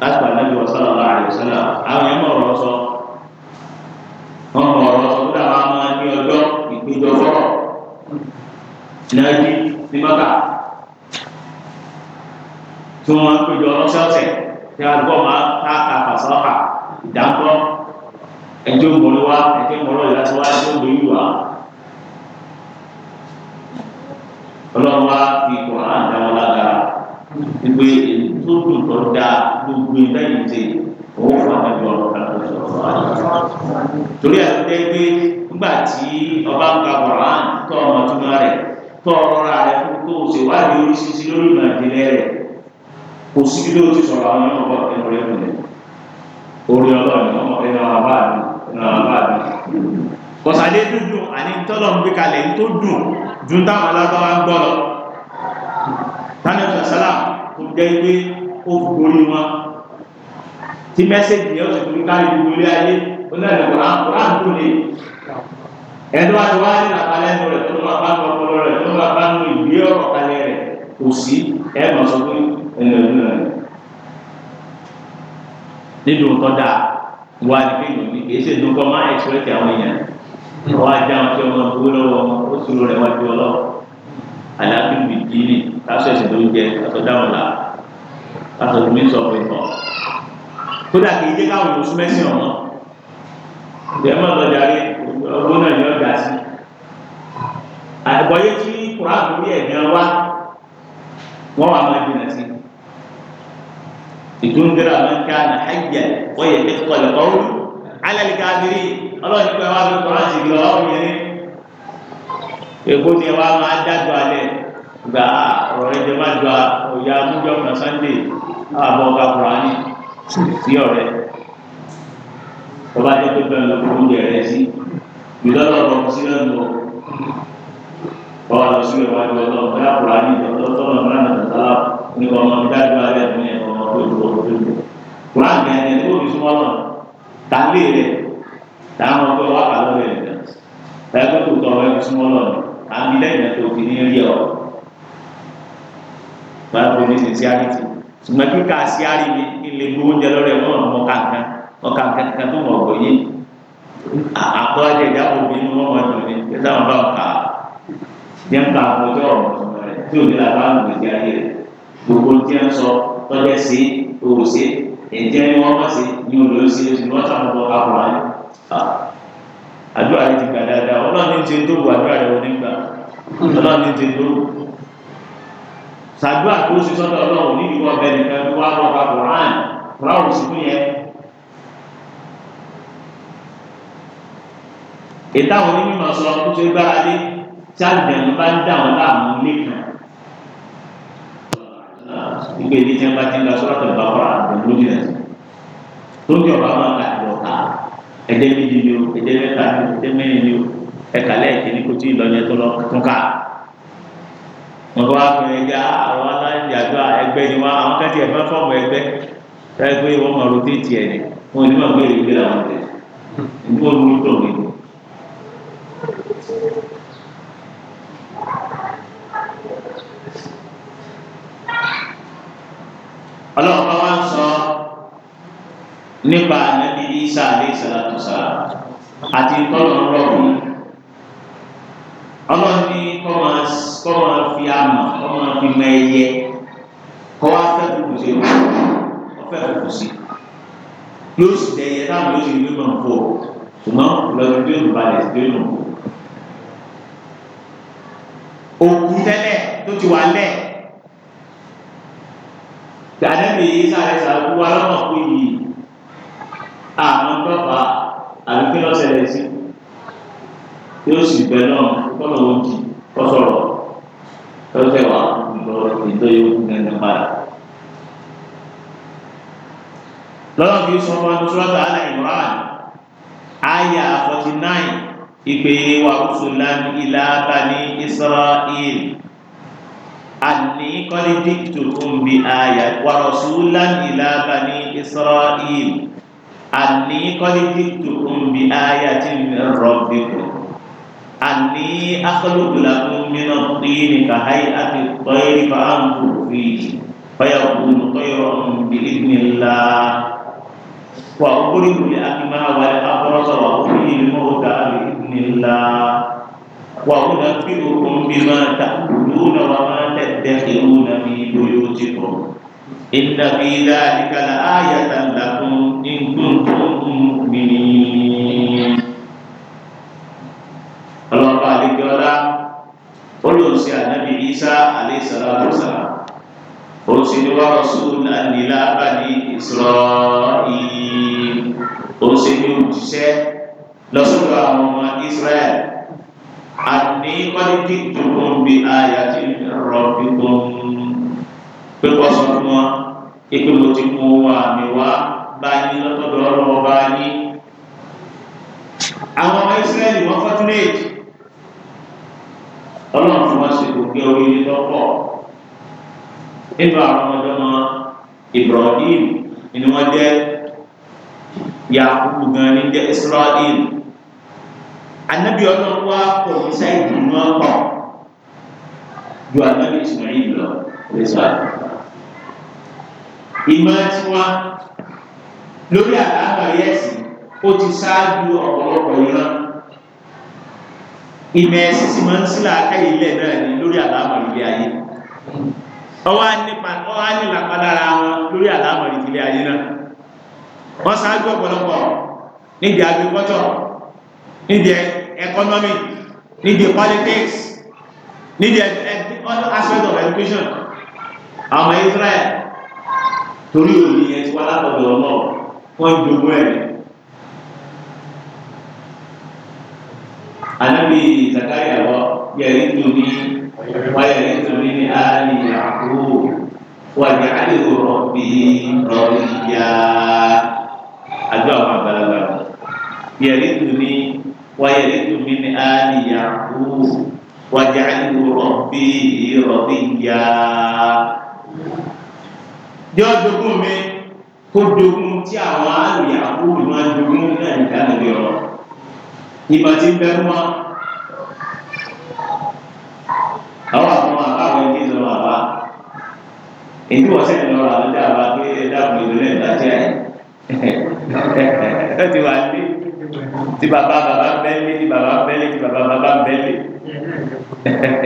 [SPEAKER 2] láti wà nàbí wọ́n sọ̀rọ̀ àlẹ́ sọ̀rọ̀ àwọn yẹn mọ̀ wọn mọ ọ̀rọ̀ sọgbọdà wa máa ní ọjọ́ ìpéjọ fọrọ náírà ní mọta tí wọn péjọ lọ́sọ̀ọ̀sẹ̀ tí a gbọ́ máa ká ká fàṣọkà ìdáńkọ ẹjọ́ mọlẹ wa ẹjọ́ mọlẹ ìlàsọ wa ẹjọ́ mọlẹ ìlú wa Ọlọ́run wa fi kọ àǹdáwọn lágbára ìpè tó dùn tó dáa gbogbo ìdáyìí ti owó fún àtàkùn ọ̀rọ̀ kan tó torí ẹ̀ ló dé pé nígbà tí ọba ń ka Quran tó ọmọ túmọ̀ rẹ̀ tó ọ̀rọ̀ rẹ̀ fún tó o ṣe wádìí oríṣiríṣi lórí ìmọ̀ ìdílé rẹ̀ kò sí bí ó ti sọ̀rọ̀ àwọn ọmọ ọba ẹnu rẹ̀ kùnẹ̀ orí ọlọ́ọ̀ni ọmọ ẹnu àbá mi ẹnu àbá mi kọ̀sálé dúdú àní tọ́lọ̀ ń gbé kalẹ̀ ń tó dùn ju táwọn alágbára ń gbọ́ lọ. tani ọ̀sán sálà kò jẹ́ pé ó borí wọn tí mẹ́sẹ̀gì yẹn ó sì fún káyọ̀ gbogbo ilé ayé ó náà lè wọ́n á ń dùn lé ẹ̀dọ́ àti wá ní àpalẹ́ ẹnu rẹ̀ tó máa bá nu ọpọlọ rẹ̀ tó máa bá nu ìwé ọ̀rọ̀ kalẹ̀ rẹ̀ kò sí ẹ̀ mọ̀ sọ pé ẹnu ẹ̀dùn rẹ̀ nínú tó dáa wá ní kí ìlú kì í ṣe ìlú kọ́ máa ẹ̀ṣọ́ ẹ̀kẹ́ àwọn èèyàn wọ́n á já ọtí ọmọ ìgbó lọ́wọ́ ó sì rú rẹ̀ wá ju ọlọ́ àlàáfíà bìbí ní kásọ̀ ẹ̀sìn tó ń jẹ kásọ̀ dáwọn là kásọ̀ tó ń sọ fún ìtàn kódà kì í jẹ́ káwọn oṣù mẹ́sìn ọ̀nà ìdẹ́mọ̀ lọ́jàre ọgbọ́n náà ni ọjà sí àgbọ̀yé tí kura àbúrí ẹ̀gbẹ́ wa wọ́n wà máa jìnà sí ìdúndínlá máa ń ká nà ayẹ wọ́yẹ ẹ̀kọ́ lẹ́kọ́rọ́ alẹ́ ká bírí ọlọ́run pẹ́ wá fi kura sí ìlú ọlọ́run yẹn ní èkó ni ẹ wá máa dájọ́ alẹ́ gba ọ̀rọ̀ ẹ̀jẹ̀ má jọ àwọn ọ̀gá kura sí ọ̀rẹ́ tọ́ba jẹ́ pé bẹ́ẹ̀ ló fún oúnjẹ rẹ̀ sí ìdọ́lọ́ ọ̀rọ̀ sí lẹ́nu ọ̀ ọ̀rọ̀ sí ìwádìí ọlọ́run bẹ́ẹ̀ àkùrọ̀ àyè ìdọ́lọ́tọ́nà mìíràn nàìjíríà ní ọmọ mi dájú alẹ́ mi ẹ̀ ọmọ tó dùn ọmọ tó dùn wọ́n á gbẹ̀ ẹ̀ tó fi súnmọ́ náà ta lé rẹ̀ ta mọ̀ pé wọ́n kà lọ́wọ́ ẹ̀ ẹ̀ tó tó tọ̀ ẹ̀ fi súnmọ́ náà àmì lẹ́yìn tó fi ní rí ọ̀ bá a bọ̀ ní sincerity ṣùgbọ́n kí ká sí àárín mi kí n lè gbé oúnjẹ lọ́rẹ̀ mọ́ ọ̀nà ọ̀ka nǹkan ọ̀ka nǹkan kan tó wọ̀ ọ̀gbọ̀ yìí àkọ́ àjẹjà wo mi ni wọ́n wọ̀ ọ̀dọ̀ mi kí sáwọn bá ọ̀ka jẹ́ ń ka àkójọ ọ̀rọ̀ rẹ̀ tí ò ní la bá gbèsè ayé rẹ̀ gbogbo tí ń sọ tọ́jẹ́ sí òwò sí ẹ̀jẹ̀ ni wọ́n mọ̀ sí ní olóyún sí oṣù wọ́n sàmúlò àkùrọ̀ ayé àdúrà yìí ti gbà dáadáa ọlọ́run sàdúrà tó ṣe sọ́dọ̀ ọlọ́run níbi wọn bẹ nìkan tó wá lọ bá Quran Quran sì fún yẹn. ìtàwọn onímọ̀ sọ tó ṣe gbára dé tí àgbẹ̀nu bá ń dà wọn láàmú ilé kan. ìgbé ní tí wọn bá ti ń lọ sọ́dọ̀ tó bá wà pẹ̀lú lójú rẹ̀ tó ń jọ bá wọn kà lọ ká ẹ̀jẹ̀ méjì ni o ẹ̀jẹ̀ mẹ́ta ni o ẹ̀jẹ̀ mẹ́rin ni o ẹ̀ka lẹ́ẹ̀kì ní kò tí ì lọ yẹn tó lọ tó ká bàbá wa pè é ga àwọn alájàdó ẹgbẹ́ ni wa àwọn kẹ́tì ẹ̀ máa fọ́ọ̀mù ẹgbẹ́ káyọ̀ pé wọ́n máa roté tiẹ̀ ni wọ́n ni máa gbé ìgbé làwọn tẹ̀ nígbà wọn mú tó mi. ọlọ́run bá wá sọ nípa ànábì Isa alayhi salatu àti tọ́lọ̀ ń rọ̀rùn fi mọ ẹyẹ kọ́ wá fẹ́ kókò sí ọ̀fẹ́ kókò sí yóò sì dẹyẹ táwọn yóò sì ní mọ̀ fọ́ ṣùgbọ́n lọ́dún tó ń balẹ̀ tó ń kó. òkú tẹ́lẹ̀ tó ti wà lẹ̀ gbàdẹ́bì yìí sáré sàkú wa lọ́nà kú yìí àwọn dọ́gba àbíké lọ́sẹ̀lẹ̀ sí yóò sì bẹ̀ náà kọ́nà òjì kọ́sọ̀rọ̀ lọ́sẹ̀ wàá pé ó kú gẹ́gẹ́ padà. lọ́dọ̀ bí sọ wọn ní sọ́dọ̀ alẹ́ ìmọ̀ràn àyà forty nine ìpè wa rusulan ila bani Isra'il àní kọ́lé dìkìtò fún mi àyà wa rusulan ila bani Isra'il àní kọ́lé dìkìtò fún mi àyà tí mi rọ̀ bìkọ̀. أني أخلق لكم من الطين كهيئة الطير فأنفخ فيه فيكون طيرا بإذن الله وأبرئ الأكمى والأبرص وأحيي الموتى بإذن الله وأنبئكم بما تأكلون وما تدخرون في بيوتكم إن في ذلك لآية لكم إن كنتم olùsí ànábì isa aleṣàlátọsà olùsèdíwá rasul anilá abali israẹli olùsèdí òjíṣẹ́ lọsọdọ àwọn ọmọ israẹl àní kọ́nìkì tuntun bíi ayati rọ̀bìkún pípọ̀ sọ fún wa ipe mo ti mú wa mi wá báyìí lọ́tọ̀dọ̀ ọlọ́wọ́ báyìí àwọn ọmọ israẹli wọ́n fọ́túnẹ̀tì ọlọ́run tí wọ́n ṣe kò gé oríire lọ́pọ̀ nínú àwọn ọmọdọ́mọ Ibrahim ni wọ́n jẹ́ Yakubu gan ni jẹ́ Israel anabi ọlọ́run wá pọ̀ ní sáìdì ní wọ́n pọ̀ ju anabi Ismail lọ lẹ́sọ̀ ìmọ̀ tiwa lórí àlàáfà yẹ́sì ó ti ṣáájú ọ̀pọ̀lọpọ̀ ìran ìmẹ̀ ẹ̀sìn sì máa ń sílẹ̀ akáyè ilẹ̀ náà ní lórí àlámọ̀rí ilé ayé ọwọ́ á ní lápalára wọn lórí àlámọ̀rí ilé ayé náà wọ́n ṣáájú ọ̀pọ̀lọpọ̀ níbi agriculture níbi economy níbi politics níbi other aspect of education àwọn Israel torí òní ẹ̀ tí wọ́n alábọ̀dọ̀ náà wọ́n jogún ẹ̀ Anabi Zakaria wa ni wa yarithuni ni ali Yaqub wa ja'alhu rabbi radiya. Àjọ àwọn àgbàlagbà ni wa yarithuni ni ali Yaqub wa ja'alhu rabbi radiya. Yóò jogún mi kó jogún tí àwọn àlùyàkú máa kan náà ìgbà tí ń bẹ́rù wọn.
[SPEAKER 1] àwọn àwọn àbáwọ̀ ẹni lọ́wọ́ àbá
[SPEAKER 2] èyí wọ́n sẹ́ni lọ́wọ́ àwọn àbá pé ẹ̀dá àwọn ìlú ẹ̀dá jẹ́ ẹ̀ ti wà ní tí bàbá bàbá bẹ́lẹ̀ tí bàbá bẹ́lẹ̀ tí bàbá bàbá bẹ́lẹ̀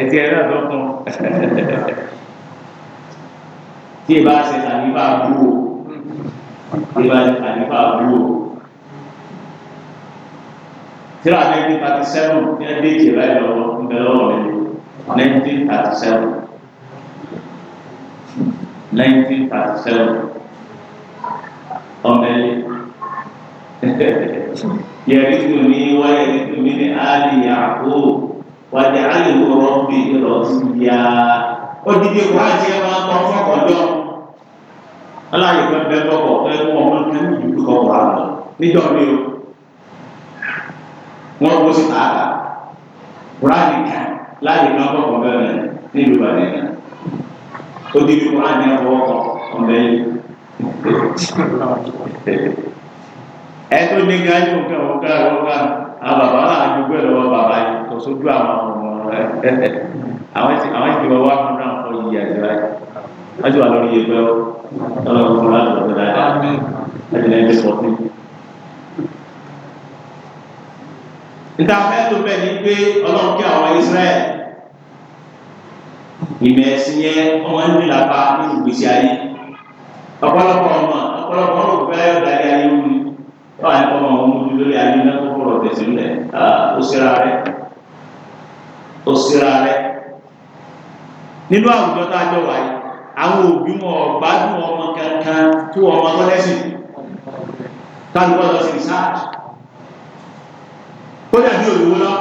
[SPEAKER 2] ẹ̀tí ẹ̀rọ àdọ́kùn tí ẹ ṣe àníbà bú o tí ẹ ṣe àníbà bú o tíra nineteen thirty seven ní ẹgbẹ́ 1937, rẹ̀ lọ́wọ́ níbẹ̀ lọ́wọ́ mi nineteen thirty seven nineteen thirty seven ọmọ ẹni yẹri tó ní wáyé tó mí ní ali yàgò wájà ali wúrọ bí ìrọsí yá odidi kura jẹ máa kọ fọkànjọ aláyé pẹpẹ kọkọ ẹ kọ ọmọ kẹmí níjọ mi o wọ́n kó sí tààtà kúránì kan láti kan kọ́ kọ́ bẹ́ẹ̀ nílùú ìbàdàn náà ó di bí kúránì náà fọwọ́ kọ́ ọ̀bẹ yìí. ẹ tó ní ká yóò kẹ́ ọ̀ ká ọ̀ ká àwọn bàbá náà àdúgbò ẹ̀ lọ́wọ́ bàbá yìí kò sójú àwọn ọmọ rẹ̀ àwọn ti àwọn ti wá fún náà fọ yìí àti báyìí wọ́n ti wà lórí ẹgbẹ́ ọ ọlọ́run fún wa lọ́dọ̀ dáadáa ẹ̀ ti lẹ́yìn tó fún mi. níta fẹ́ tó bẹ̀ ni pé ọlọ́run kí àwọn Israẹl ìmọ̀ ẹ̀sìn yẹn ọmọ nílùú ìlàpá ní ìgbésí ayé ọ̀pọ̀lọpọ̀ ọmọ ọ̀pọ̀lọpọ̀ ọmọ òkú ayé ọ̀dà ayé ayé wuli wọn àti ọmọ ọmọ wuli lórí ayé náà kó kọ̀rọ̀ tẹ̀sí lẹ̀ ó síra rẹ̀ ó síra rẹ̀ nínú àwùjọ tá a jọ wáyé àwọn òbí mọ̀ ọ̀gbádùn ọmọ kankan tó ọmọ tọ́lẹ́sìn táwọn ọmọ lọ sí ìsáàjì ó dàbí òyìnbó lọ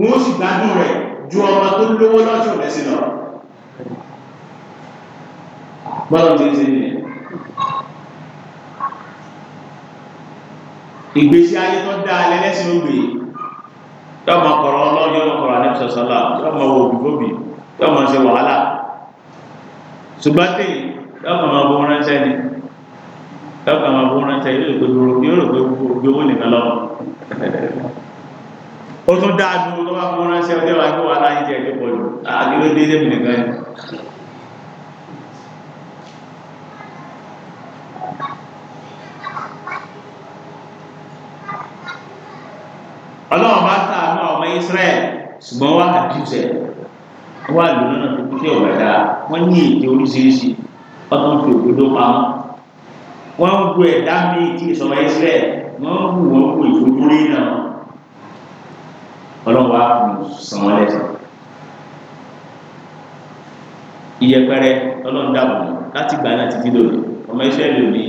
[SPEAKER 2] wọn ó sì gbádùn rẹ̀ ju ọmọ tó lówó lọ́sùn rẹ̀ sí lọ. bọ́lá ti ṣe nìyẹn. ìgbésí ayé tó dáa lẹ́lẹ́sìn ó gbé yọmọ kọ̀rọ̀ ọlọ́yọ́ ọkọ̀rọ̀ anẹ́sọ̀sọ́lá yọmọ wo òbíkóbì yọmọ ṣe wàhálà ṣùgbọ́n tèyí yọmọ máa bó ránṣẹ́ ni yọmọ máa bó ránṣẹ́ yóò rò pé gbogbo owó nìkan lọ́wọ́ ó tún dáa ju tó bá fún ránṣẹ́ ọjọ́ wa kó wà láyé jẹ́ ẹjọ́ pọ̀ jù àdúró déédéé mi nìkan yẹn. ọlọ́run bá ta àwọn ọmọ Israẹl ṣùgbọ́n wá àdúṣe wá lónà náà tó kúkẹ́ ọ̀gá dáa wọ́n ní èdè oríṣiríṣi ọdún fi òdodo pamọ́ wọ́n ń gbọ́ ẹ̀dá méjì sọ̀rọ̀ Israẹl wọ́n ń wù wọ́n kó ìfowópamọ́ náà ọlọ́run wa sàn wọ́n lẹ́sàn. ìyẹpẹrẹ ọlọ́run dàbò láti gbà náà títí lónìí ọmọ iṣẹ́ lò ní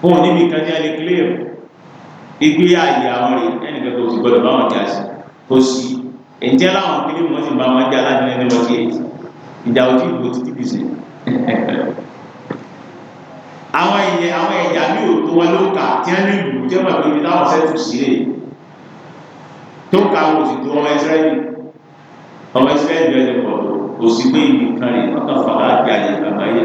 [SPEAKER 2] fóun níbi kan ní alẹ́ clear igbe ààyè àwọn rè ẹnì kan kò sì gbọdọ̀ bá wọn jà sí kò sí ẹ̀ǹjẹ́ láwọn kiri wọn sì bá wọn jà láti ẹni wọn tiẹ̀ ìjà ojú ìbò títí bìsì àwọn ẹ̀yà mi ò tó wọn ló kà tí wọn ní ìlú tí wọn bá gbé ibi táwọn sẹ́tù sílẹ̀ tó ka àwọn òsìkò ọmọ Ísírẹ́lì ọmọ Ísírẹ́lì rẹ̀ ti pọ̀ tó kò sí pé ìlú kan rè wọ́n kàn fàlà àti àyè bàbá yẹ.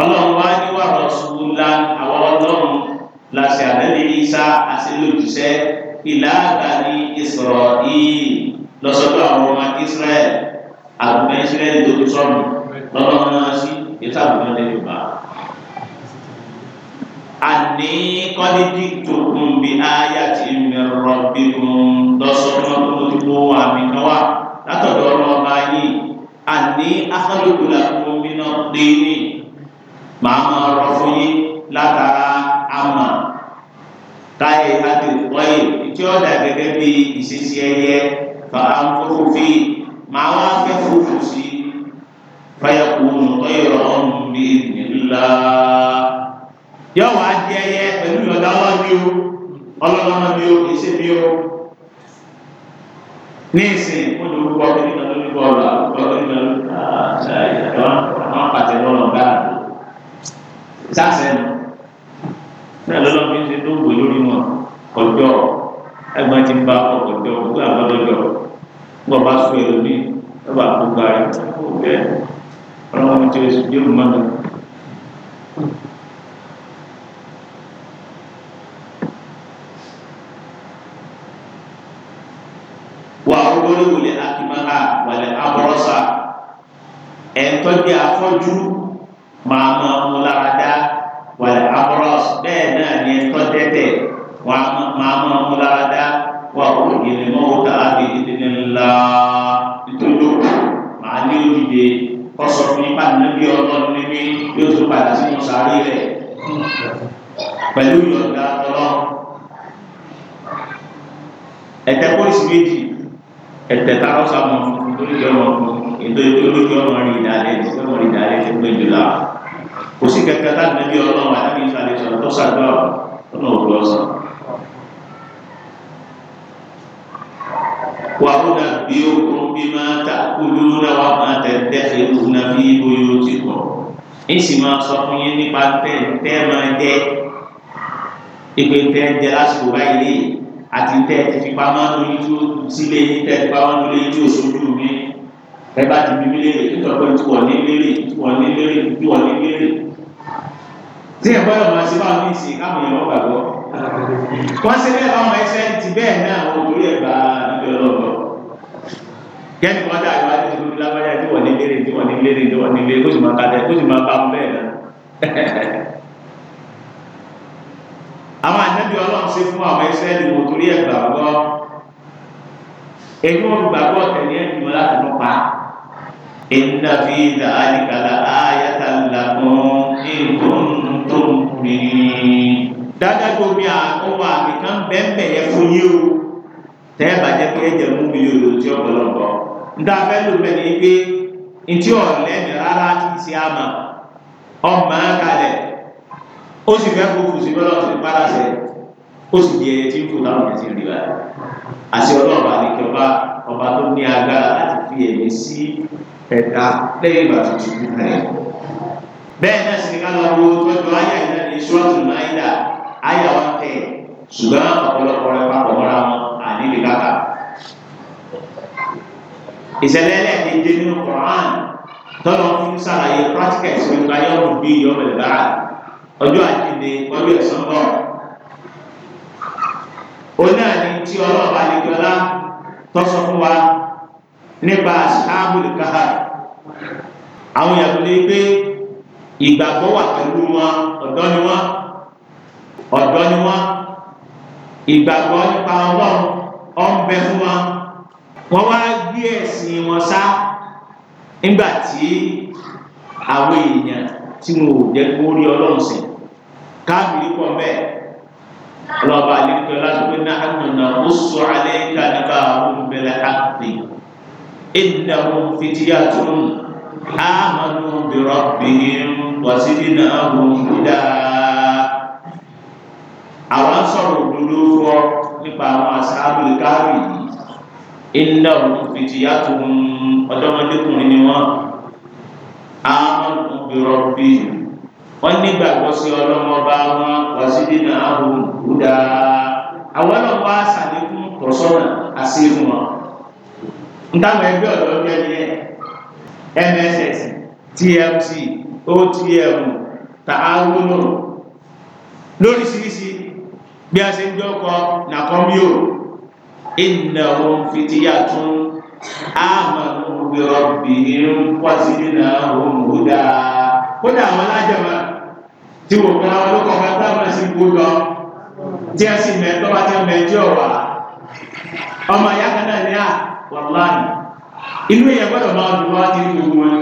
[SPEAKER 2] ọlọ́run wá ní wàrà ṣubú ńlá àwọn ọlọ́run làṣẹ àbẹ́lẹ̀ Ìsá àṣẹlójúṣẹ́ ìlà àgbàdì ìsọ̀rọ̀ yìí lọ́sọ̀tọ̀ àwọn ọmọ Ísírẹ́lì àgùnbẹ́ Ísírẹ́lì tó tó sọ̀rọ̀ lọ́lọ́run náà sí ètò lẹ́yìn bá àní kọ́dídì tó kún bí ayé àti mẹ́rọ bí kún lọ́sọ̀rọ̀ tó ti kó àmì kan wá látọ̀dọ̀ ọlọ́ọ̀bá yìí àní akọ́lùkùlà fún mi náà dé ní màá máa rọ fún yín látara àmà táyé àti ìpọ́yè tí ó dà gẹ́gẹ́ bí ìṣesí ẹyẹ fàáfófó fi màá wá fẹ́ fòfò sí fàyàkùn ọ̀yọ̀ ọ̀hún bíi nìlá yọ wá di ẹyẹ pẹ̀lú ìyọ̀dáwọ́ mi o ọlọ́lọ́mọ mi o kì í ṣe mi o ní ìsìn olùkọ́ onígbà lórúkọ ọ̀la olùkọ́ onígbà lórúkọ àṣàyà wọn pàtẹ lọ́rọ̀ gáà sásẹ̀nù náà lọ́lọ́ fi ń ṣe tó wù lórí wọn ọjọ́ ẹgbẹ́ ti ń bá ọkọ̀jọ́ gbogbo àbọ̀dọ́jọ́ gbọ́ bá sọ èrò mi lọ́ba gbogbo ààrẹ ọ̀gbẹ́ ọlọ́wọ́n ti ṣe yóò mọ́nu. olówó wòlé akímáhà wàlẹ abọrọsà ẹtọjú afọ́jú màá máa mú lára dá wàlẹ abọrọsà bẹ́ẹ̀ náà ni ẹtọ tẹtẹ màá máa mú lára dá wà ó yẹlẹ mọwó tá a fi ìdílé ńlá nítorí màá ní òdìdè kọsọ fún ipa níbi Ọlọ́run níbi yóò tún padà sínú sáré rẹ pẹ̀lú ìyọ̀ǹda Ọlọ́run ẹtẹ pólísì méjì
[SPEAKER 1] ẹ̀tẹ̀ táwọn sábà olùkí ọmọ ètò olùkí ọmọ rí ìdálẹ́ ti ọmọ rí ìdálẹ́ ti pé jùlọ kò sí kẹkẹ láti níbi ọlọ́run àti ìsàlẹ̀ sọ̀rọ̀ tó ṣàdúrà
[SPEAKER 2] ọ̀nà òkú ọ̀sán. wàhùnà bí okun bí máa ta kúlú náà wà máa tẹ̀ dẹ́sẹ̀ ìhùnà bí oyún ti pọ̀ èsì máa sọ fún yín nípa tẹ́ tẹ́ máa jẹ́ ìpè tẹ́ jẹ́ lásìkò báyìí àti tẹ́ ẹ ti fi pamọ́ lórí tí ó sílé yín tẹ́ ẹ ti pamọ́ lórí tí ó sojú mi ẹ bá ti bíbí léèrè nítorí tí wọ́n ní léèrè tí wọ́n ní léèrè tí wọ́n ní léèrè. tí ẹ gbọ́dọ̀ máa ṣe báwọn ní ìsìn káwọn èèyàn gbàgbọ́. wọ́n ṣe bẹ́ẹ̀ ọmọ ẹsẹ̀ ti bẹ́ẹ̀ náà wọ́n torí ẹ̀ bá níbi ọlọ́gbọ́. kẹ́ni kan dá ìwádìí tó ní lágbájá tí wọ́n ní léèrè tí wọ́n ní léèrè tí wọ́n ní léèrè kó sì máa bí ọlọ́run ṣe fún àwọn ẹsẹ̀ ẹni wò torí ẹ̀ gbàgbọ́ ẹni wọn gbàgbọ́ tẹ̀lé ẹni wọn láti lọ pa inna fi dhalika la ayatan lakum in kuntum mu'minin. dáadáa tó mi àwọn àmì kan bẹ́ẹ̀ yẹ fún yín o tẹ́ ẹ bàjẹ́ pé ẹ jẹ́ mú mi yòrò tí ọ̀pọ̀lọpọ̀ nta fẹ́ lò bẹ́ẹ̀ ni pé ntí ọ̀lẹ́ni rárá ti ṣe àmà ọmọ kalẹ̀ ó sì fẹ́ kó kùsùn bọ́lá ọ̀sẹ̀ pàrọ̀ sẹ́yìn ó sì di ẹyẹ tí ń kú táwọn ẹ̀ sì rí wa àti ọlọ́run àlejò ọba ọba tó ní agbára láti fi ẹ̀mí sí ẹ̀dá lẹ́yìn ìgbà tó ti kú kalẹ̀. bẹ́ẹ̀ náà sì ni ká lọ wo tọ́jú ayé ìlànà ìṣúwàtò náírà ayé àwọn tẹ̀ ṣùgbọ́n ọ̀pọ̀lọpọ̀ rẹ̀ papọ̀ mọ́ra wọn àníbi káka. ìṣẹ̀lẹ̀ ẹlẹ́ẹ̀dẹ́gbẹ́ nínú Quran tọ́lọ́ fún sàlàyé practical ìṣòro ayé ọ̀rùn bíi ọmọ ìbára ọjọ́ àjíǹde ọjọ́ ìsọ́nbọ̀n náà ni tí ọlọ́ọ̀bá àlejòlá tọ́sọ fún wa nípa àṣàbùlì káhà àwọn yàtọ̀ lé pé ìgbàgbọ́ wà pẹ̀lú wọn ọ̀dọ́ ni wọn ọ̀dọ́ ni wọn ìgbàgbọ́ nípa ọlọ́run ọ̀ ń bẹ fún wọn wọ́n wá gbé ẹ̀sìn wọn sá nígbà tí àwọn èèyàn tí wọn ò jẹ́ kó rí ọlọ́run sìn káàbìlì pọ̀ bẹ́ẹ̀ ọlọ́ba àlejò lásìkò náà ànàna ó sọ alẹ́ kàníkà àwọn olùbẹ̀rẹ̀ àpè ìdáhùn fìdíyà tó ń àmàlù bìrọ̀ bìhìn wàsídìí náà hùn kúdà. àwọn sọ̀rọ̀ òdodo fọ́ nípa àwọn àṣàbù káàrí iná òun fìdíyà tó ń ọ̀dọ́mọdékùnrin ni wọ́n àmàlù bìrọ̀ bìhìn wọ́n nígbàgbọ́ sí ọlọ́mọba wọn wàsídìnà ahùn húdà àwọn ọlọ́pàá àṣàlékún tọ̀sọ́nà àṣírù wọn. ntàwọn ẹgbẹ́ ọ̀dọ́ ń jẹ́ mss tlc otm tààwùnú lóríṣiríṣi bí a ṣe ń jọkọ nàkọ́míò ìnáwó fìdíyà tún àmàlùmí rọ̀bì ń wàsídìnà ahùn húdà kódà àwọn alájọba tí wò gbà olókọ̀ fẹ́ táwọn ẹ̀sìn kú lọ tí ẹ sì mẹ́ tọ́ba tí mẹ́ jẹ́ ọ̀wà ọmọ ìyá kan náà ní à wàláàdì inú yẹn gbọ́dọ̀ máa dùn wá kiri gbogbo wọn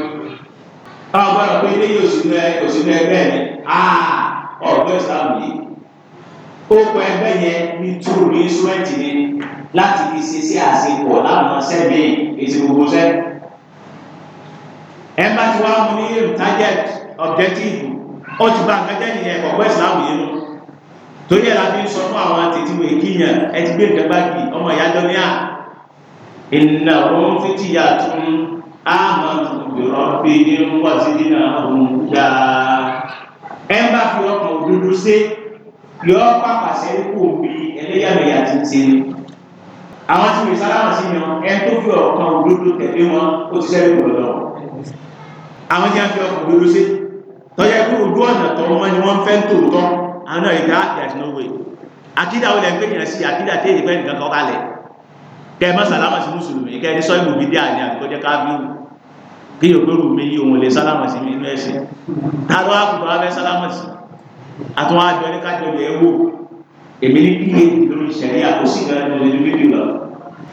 [SPEAKER 2] ọ gbọ́dọ̀ pé ilé yìí òsínú ẹ òsínú ẹgbẹ́ ni aa ọ̀gbẹ́ ìsàmù yìí ó kọ ẹgbẹ́ yẹn ní túrò ní ìsúrẹ́ǹtì ni láti fi ṣe sí àṣepọ̀ láwọn ọ̀sẹ̀ míì èsì gbogbo sẹ́ ẹ bá ti wá mú ní target objective ó ti bá nǹkan jẹ́ nìyẹn ọ̀gbọ́ ìsìláàmù yìí nù torí ẹ̀ la fi ń sọ fún àwọn tètè wò kíyàn ẹ ti gbé nǹkan bá bì ọmọ ìyájọ́ ní à ìnà òun fi ti yà tún àmọ́ ìrọ̀ pé ní wọ́n ti dín náà òun gbà ẹ bá fi ọkàn òdodo ṣe yọ pàpàṣẹ kò bí ẹlẹ́yàmẹ̀yà ti ń ni àwọn tí wòye sálámà sí yan ẹ tó fi ọkàn òdodo tẹ̀lé wọn ó ti sẹ́yìn kò àwọn tí wọ́n fi òdodo ṣe tọ́jẹ́ pé ojú ọ̀nà tọrọ mọ́ ni wọ́n fẹ́ ń tòótọ́ àwọn náà ìdá there's no way àkídà olè ń pè yàn sí àkídà tí èyí fẹ́ nìkan kọ́ kalẹ̀ kẹ́ ẹ má sàlámà sí mùsùlùmí kẹ́ ẹ ní sọ́yìnbù bíi díà ní àbíkọ́jẹ́ káfíù kí ògbérù mi yí òun lè sàlámà sí mi inú ẹ̀sìn tààrọ̀ àkùtà wa fẹ́ sàlámà sí àtúnwá àjọ ní kájọ lè wò èmi ní píye lórí ìṣẹ̀lẹ̀ àkóso ìgbà lórí ìlú bíbí lọ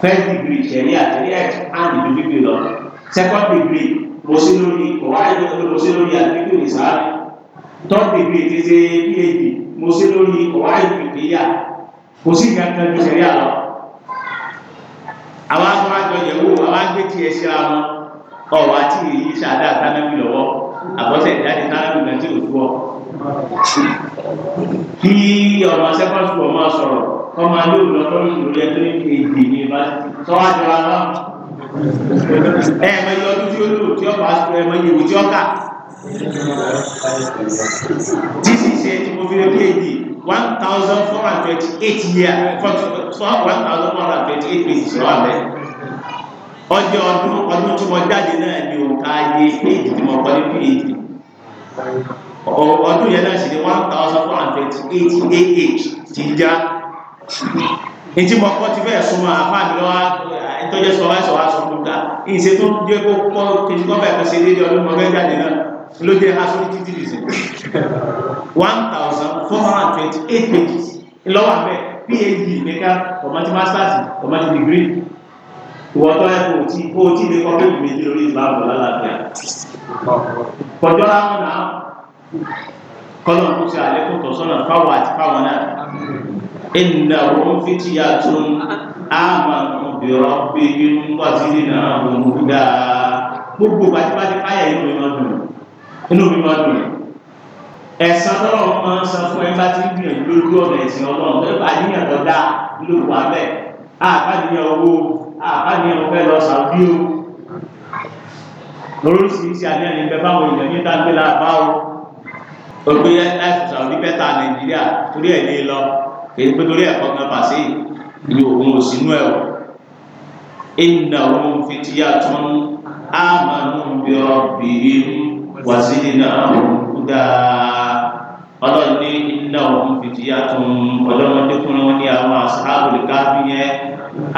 [SPEAKER 2] first degree ìṣẹ̀lẹ̀ àtẹ̀lẹ́ ẹ̀ mo sí lórí ọ̀wá ẹ̀dọ́ pé mo sí lórí àdúgbò ìsá tọ́pì bíi ti ṣe phd mo sí lórí ọ̀wá ìpìlẹ̀yà kò sí kankan tó ṣẹlẹ̀ àlọ́ àwọn afọwájọ yẹ̀wò àwọn agbẹ́tì ẹ̀ síra wọn ọ̀wá tí èyí ṣàdá tánábì lọ́wọ́ àbọ̀sẹ̀ ìjáde tánábì náà ti òtú ọ. kí ọmọ sẹ́kọ̀ọ́sì ọmọ sọ̀rọ̀ kọ́ máa lóòótọ́ lórí ẹ̀ tó ní èdè ní yunifásitì tọ́wájọ ẹ̀mọ iye ọdún tí ó lò tí ọba aṣọ ẹ̀mọ iye òjì ọkà títí tí mo fi lè kéèdì one thousand four hundred twenty eight year one thousand four hundred twenty eight page ṣe wà bẹ́ẹ̀ ọjọ́ ọdún ọdún tí mo jáde náà ni òǹkà ayé page tí mo kọ́ ní page ọdún yẹn náà sì ni one thousand four hundred twenty eight ah ti já ètí mo kọ́ ti fẹ́ súnmọ́ apá mi lọ́wọ́ ìtọ́jú sọ wá sọ wá sọ fún ta ah, ìṣe tó jẹ́ kó kọ́ kejì kọ́ bẹ́ẹ̀ kan ṣe déédéé ọdún mọ́ bẹ́ẹ̀ jáde náà ló jẹ́ asọ́rí títí lè ṣe one thousand four hundred and twenty eight pages lọ́wọ́ abẹ́ phd mẹ́ka kọ̀mọ́tì masters kọ̀mọ́tì degree ìwọ́tọ́ ẹ̀ kò tí kò tí lè kọ́ bẹ́ẹ̀ méjì lórí ìsìlámù lálàáfíà kọjọ́ láwọn náà kọ́lọ́ kó ṣe àlékún tọ̀sọ́nà fáwọn àti fáwọn náà. إنهم فتية آمنوا بربهم وزدناهم هدى gbogbo bàtí bàtí káyà inú mi máa dùn inú mi máa dùn ẹ̀sán tọ́lọ̀ máa ń san fún ẹ bá ti ń gbìyànjú lójú ọ̀nà ẹ̀sìn ọlọ́run tó bá níyàn tó dá ló wà bẹ́ẹ̀ àbáníyàn owó àbáníyàn ọ̀fẹ́ lọ sàbí o lóríṣiríṣi àníyàn ní bẹ́ẹ̀ báwọn èèyàn ní dáńgbé làbá o ògbé láti sàwọn ní bẹ́tà nàìjíríà torí ẹ̀ ní lọ èyí pé torí ẹ̀kọ́ kan pàṣẹ ìlú òun ò sínú ẹ̀ o ìnà òun fi ti yá tún àmàlù bí ọbì wàsídìnà òun kú dáa ọlọ́run ní ìnà òun fi ti yá tún ọlọ́mọdékùnrin wọn ní àwọn àṣàbòlì káfí yẹn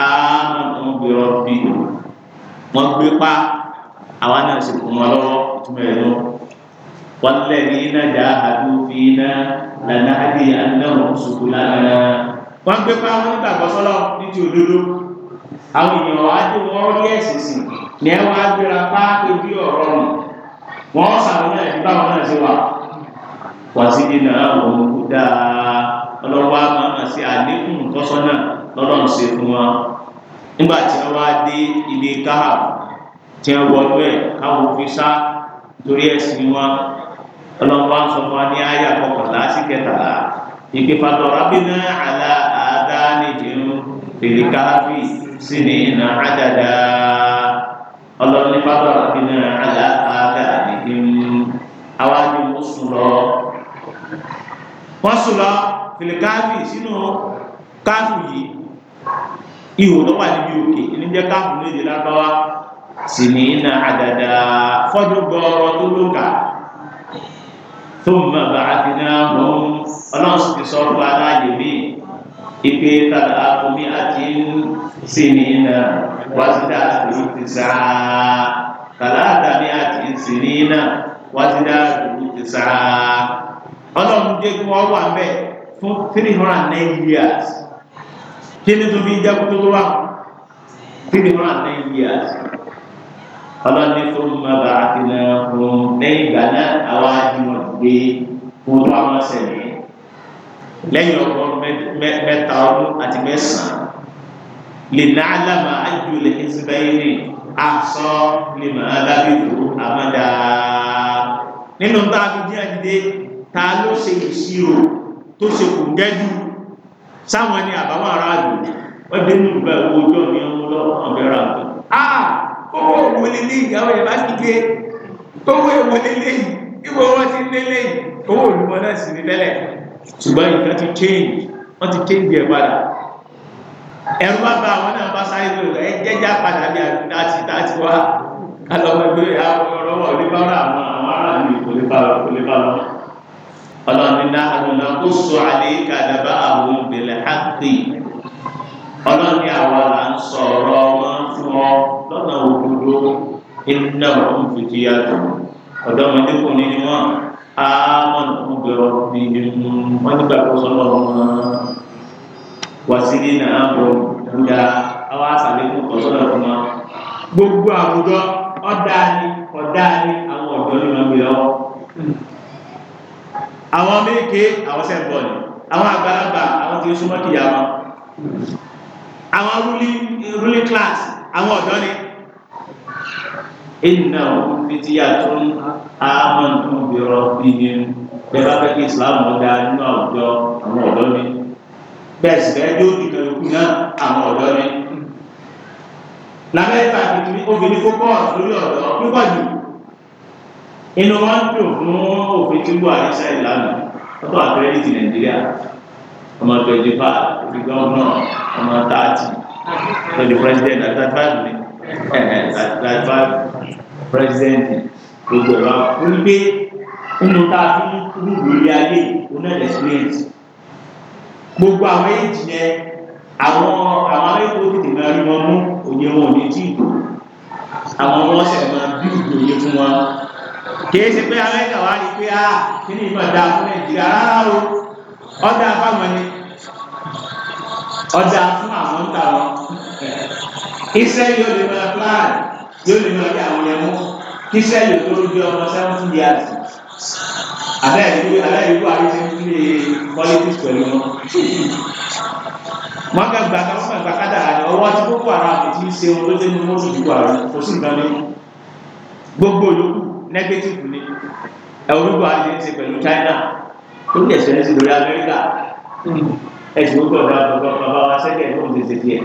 [SPEAKER 2] àmàlù bí ọbì wọn gbé pa àwa náà wọn lọ́wọ́ ìtumọ̀ ẹ̀ lọ́wọ́. والذين جاهدوا فينا لنهدينهم سبلنا wọ́n gbé pa wọ́n gbàgbọ́ sọ́lọ́ ní ti òdodo àwọn èèyàn wá dé wọ́n rí ẹ̀sìn sí ní ẹ wá gbéra páàpé bí ọ̀rọ̀ nù wọ́n sàrúnyà ìdíbà wọn náà sí wa wà sí dínà òun kú dáa ọlọ́wọ́ àmọ́ sí àlékún tọ́sọ́nà lọ́dọ̀ ń ṣe fún wọn nígbà tí wọ́n wá dé ilé káhà tí wọ́n wọlé ẹ̀ káwọn fi sá torí ẹ̀sìn wọn ọlọ́pàá ń sọ fún wa ní àyà kọkànlá sí kẹtàlá ìpè fàtọ̀rọ̀ abiná àlà àdá nìjẹun fèrè káfí sí ní ìnà àdàdà ọlọ́ni fàtọ̀rọ̀ abiná àlà àdá nìjẹun awájú ó sùn lọ. wọ́n sùn lọ fèrè káfí sínú káfí yìí ihò tó wà níbi òkè níjẹ́ káfí méje ثم بعثناهم فنصب صرف على جميع إبي ثلاثمائة سنين وازداد تسعة ثلاثمائة سنين وازداد تسعة ọlọ́run jẹ́ kí wọ́n wà mẹ́ fún three hundred and nine years kí ni tó fi jẹ́ kótó tó wà three hundred and nine years ọlọ́ni tó ń bá bá àtìlẹ́ ọ̀hún lẹ́yìn ìgbà náà àwọn àjùmọ̀ gbé fún àwọn sẹ̀lẹ̀ lẹ́yìn ọgbọ́n mẹ́ta ọdún àti mẹ́sàn-án lè ná àlàmà àjù lè ní síbẹ̀yìn ní àṣọ lè má lábìbò àmàdá nínú tá a fi jẹ́ àdìdé ta ló ṣe ìṣirò tó ṣe kò gẹ́jú sáwọn ní àbáwọn aráàlú wọ́n dé nínú ìgbà owó ọjọ́ ní ọmọ lọ́wọ́ ọ̀gẹ́ra ọ̀gẹ́ owó òwòlé léyìí àwọn yẹn bá ti gé owó òwòlé léyìí ìwọ wọn ti lé léyìí owó olùmọ náà sì ní tẹ́lẹ̀ ṣùgbọ́n nǹkan ti change wọ́n ti change ẹ̀ padà ẹ̀rù bá bá àwọn náà bá sáré lórí ẹ̀ jẹ́jà padà bí àti láti wá alọ́gbẹ́gbẹ́ ọ̀rọ̀wọ̀ oníbàárà àwọn àwọn ará mi kò lè bá kò lè bá lọ. ọlọ́nìdá àdùnnà kò sọ àlẹ́ kàdàbà àwọn òbẹ̀lẹ̀ hàkì ọlọ́ni àwa là ń sọ̀rọ̀ ọmọ wọn lọ́nà òdodo iná wọn fìdí àjò ọ̀dọ́mọdékùnrin ni wọ́n á mọ̀nà fún bẹ̀rọ̀ bí wọ́n nígbà tó sọ́nà wọn wá sí ní náà bọ̀ nígbà àwọn àṣàlékún ọ̀sọ́nà fún wọn. gbogbo àwùjọ ọ̀dà ni ọ̀dà ni àwọn ọ̀dọ́ ni wọ́n gbé lọ́wọ́ àwọn méèké àwọn sẹ́ńbọ̀ ni àwọn àgbàlagbà àwọn tí ó súnmọ́ kìyà àwọn ruling ruling class àwọn ọ̀dọ́ ni ìnà fìtíyà tún àmọ́nù bìrọ̀ bìyẹ bẹ́ẹ̀ bá fẹ́ kí islam ọ̀dà nínú àwùjọ àwọn ọ̀dọ́ ni bẹ́ẹ̀ sì bẹ́ẹ̀ yóò dìkan ikú náà àwọn ọ̀dọ́ ni lamẹ́ta obìnrin kókó lórí ọ̀dọ́ púpọ̀ jù inú wọn dùn fún òfin tí wọ́n àríṣà ìlànà ọ̀tọ̀ àpẹẹrẹ ní ti nàìjíríà ọmọ twenty five ìgbà ọ̀nà ọmọ thirty so the president at that time ni at that time president gbogbo ẹ̀rọ wípé nínú tá a fi ń rúgbò ilé ayé onáà experience gbogbo àwọn èjì yẹn àwọn àwọn akẹ́kọ̀ọ́ tètè máa rí wọn mú òye wọn ò ní tí ì tó àwọn ọmọ ọsẹ máa bí òye fún wọn kìí ṣe pé amẹ́ríkà wá rí pé á ah, kí ni ìmọ̀ dáa fún nàìjíríà rárá o ọ̀dà fáwọn ni ọ̀dà fún àwọn ń tà wọn israẹli yóò lè máa plan yóò lè máa yẹ àwọn yẹn mú kí israẹli tó ń gbé ọmọ seventeen years aláìlú aláìlú àríṣe ń lè politics pẹ̀lú wọn wọn kà gbà kà wọn kà gbà kádà ọwọ́ tí kókó ara àti ṣe wọn ló dé ní mọ́tò ìdìbò ara kò sí nǹkan lẹ́yìn gbogbo yòókù negative ni ẹ̀rọ gbogbo àti ṣe pẹ̀lú China ó ní ẹ̀sẹ̀ ẹ̀sìn lórí Amẹ́ríkà ẹ̀sìn gbogbo ọ̀dà àgbọ̀gbọ̀ bàbá wa sẹ́kẹ̀ ló ń tètè díẹ̀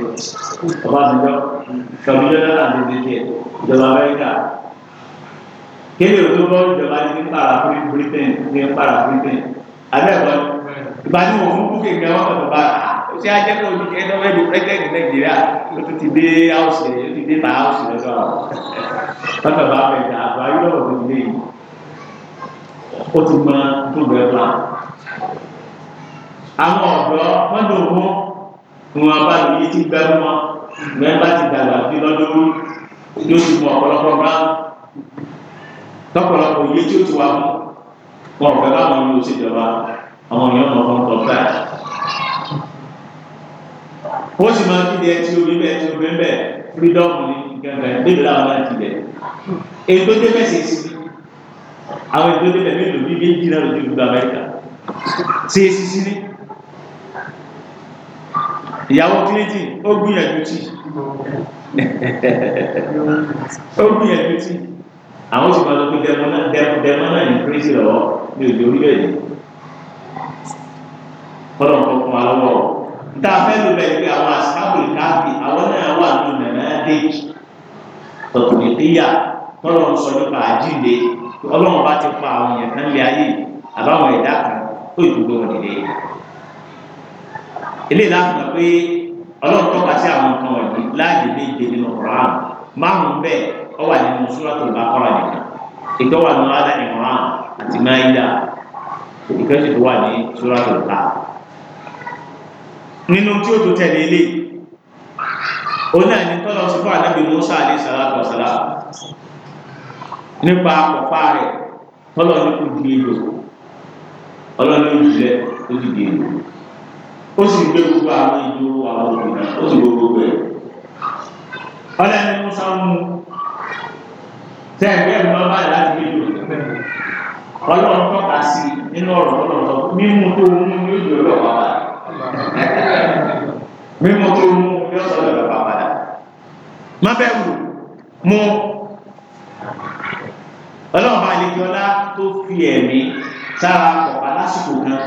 [SPEAKER 2] bàbá àtijọ́ kàbí jọ́nà ń tètè díẹ̀ ìjọba amẹ́ríkà kéde òtún bọ́ ìjọba ní ní para fún britain ní para britain abẹ́ẹ̀kọ́ ìgbà tí wọ́n fún búkè ní ọwọ́ bàbá ó ṣe ajẹ́ pé òní ẹni ọmọ ẹni pẹ́ẹ́tẹ́ẹ̀dì nàìjíríà ó tún ti dé áùsì ó ti dé bá áùsì lọ́dọ̀ àwọn bàbá àbẹ̀dà àbáyọ̀ àwọn ọ̀dọ́ wọ́n dùn owó wọn bá lu iye tí ń gbẹ́rú wọn wọn bá ti dàgbà bí lọ́dún ló ti mọ ọ̀pọ̀lọpọ̀ bá tọ́pọ̀lọpọ̀ iye tí ó ti wà fún wọn ọ̀gá báwọn yóò ṣe jọba àwọn èèyàn mọ̀ fún kọ̀ọ̀tà ó sì máa fi di ẹtí omi bẹ́ẹ̀ tí omi bẹ́ẹ̀ freedom ni gẹ́gẹ́ débi làwọn náà ti bẹ̀ ètò débẹ̀ sì àwọn ètò débẹ̀ mélòó bí méjì lójú gbogbo Amẹ́ríkà sí èsì sí ni ìyàwó Clinton ó gbìyànjú tí ó gbìyànjú tí àwọn sì máa lọ pé dẹmọ náà ní kírísì lọ́wọ́ ní òjò orílẹ̀-èdè kọlọ nǹkan kan alọwọ níta fẹẹ ló bẹ pé àwọn àṣàbùrì káàkì àwọn náà wà ní nàìjíríà tọkùnrin níyà kọlọ ń sọ nípa àjíǹde Ọlọ́run bá ti pa àwọn èèyàn kan lé ayé àbáwọn ẹ̀dá kan tó ìdúgbò wọn nìyẹn ilé ìlànà pé ọlọ́run tọ́ka sí àwọn nǹkan wọ̀nyí láàyè méje nínú Qur'an márùn-ún bẹ́ẹ̀ ọ wà nínú Suratul Baqara nìkan ìtọ́wà nínú alá ìmọ̀ràn àti máyídà ìkẹ́sì tó wà ní Suratul Baqara. nínú tí ó tó tẹ̀lé ilé òun náà ní tọ́lọ́ sí fún ànábì Musa alayhi salatu wa nípa pọ̀pá rẹ̀ tọ́lọ́ ní kò di èlò ọlọ́run ló jẹ́ ó di èlò ó sì gbé gbogbo àwọn ìdúró àwọn òbí ó sì gbogbo ẹ̀. ọlọ́ni musa mú sẹ́yìn ẹ̀rù máa bá láti lè lò ọlọ́run tọ́ka sí nínú ọ̀rọ̀ ọlọ́run mímú tó mú yóò jọ lọ bàbá mímú tó mú yóò sọ lọ bàbá má bẹ́ẹ̀ wù mú ọlọ́run bá lè jọlá tó fi ẹ̀mí sára pọ̀ lásìkò kan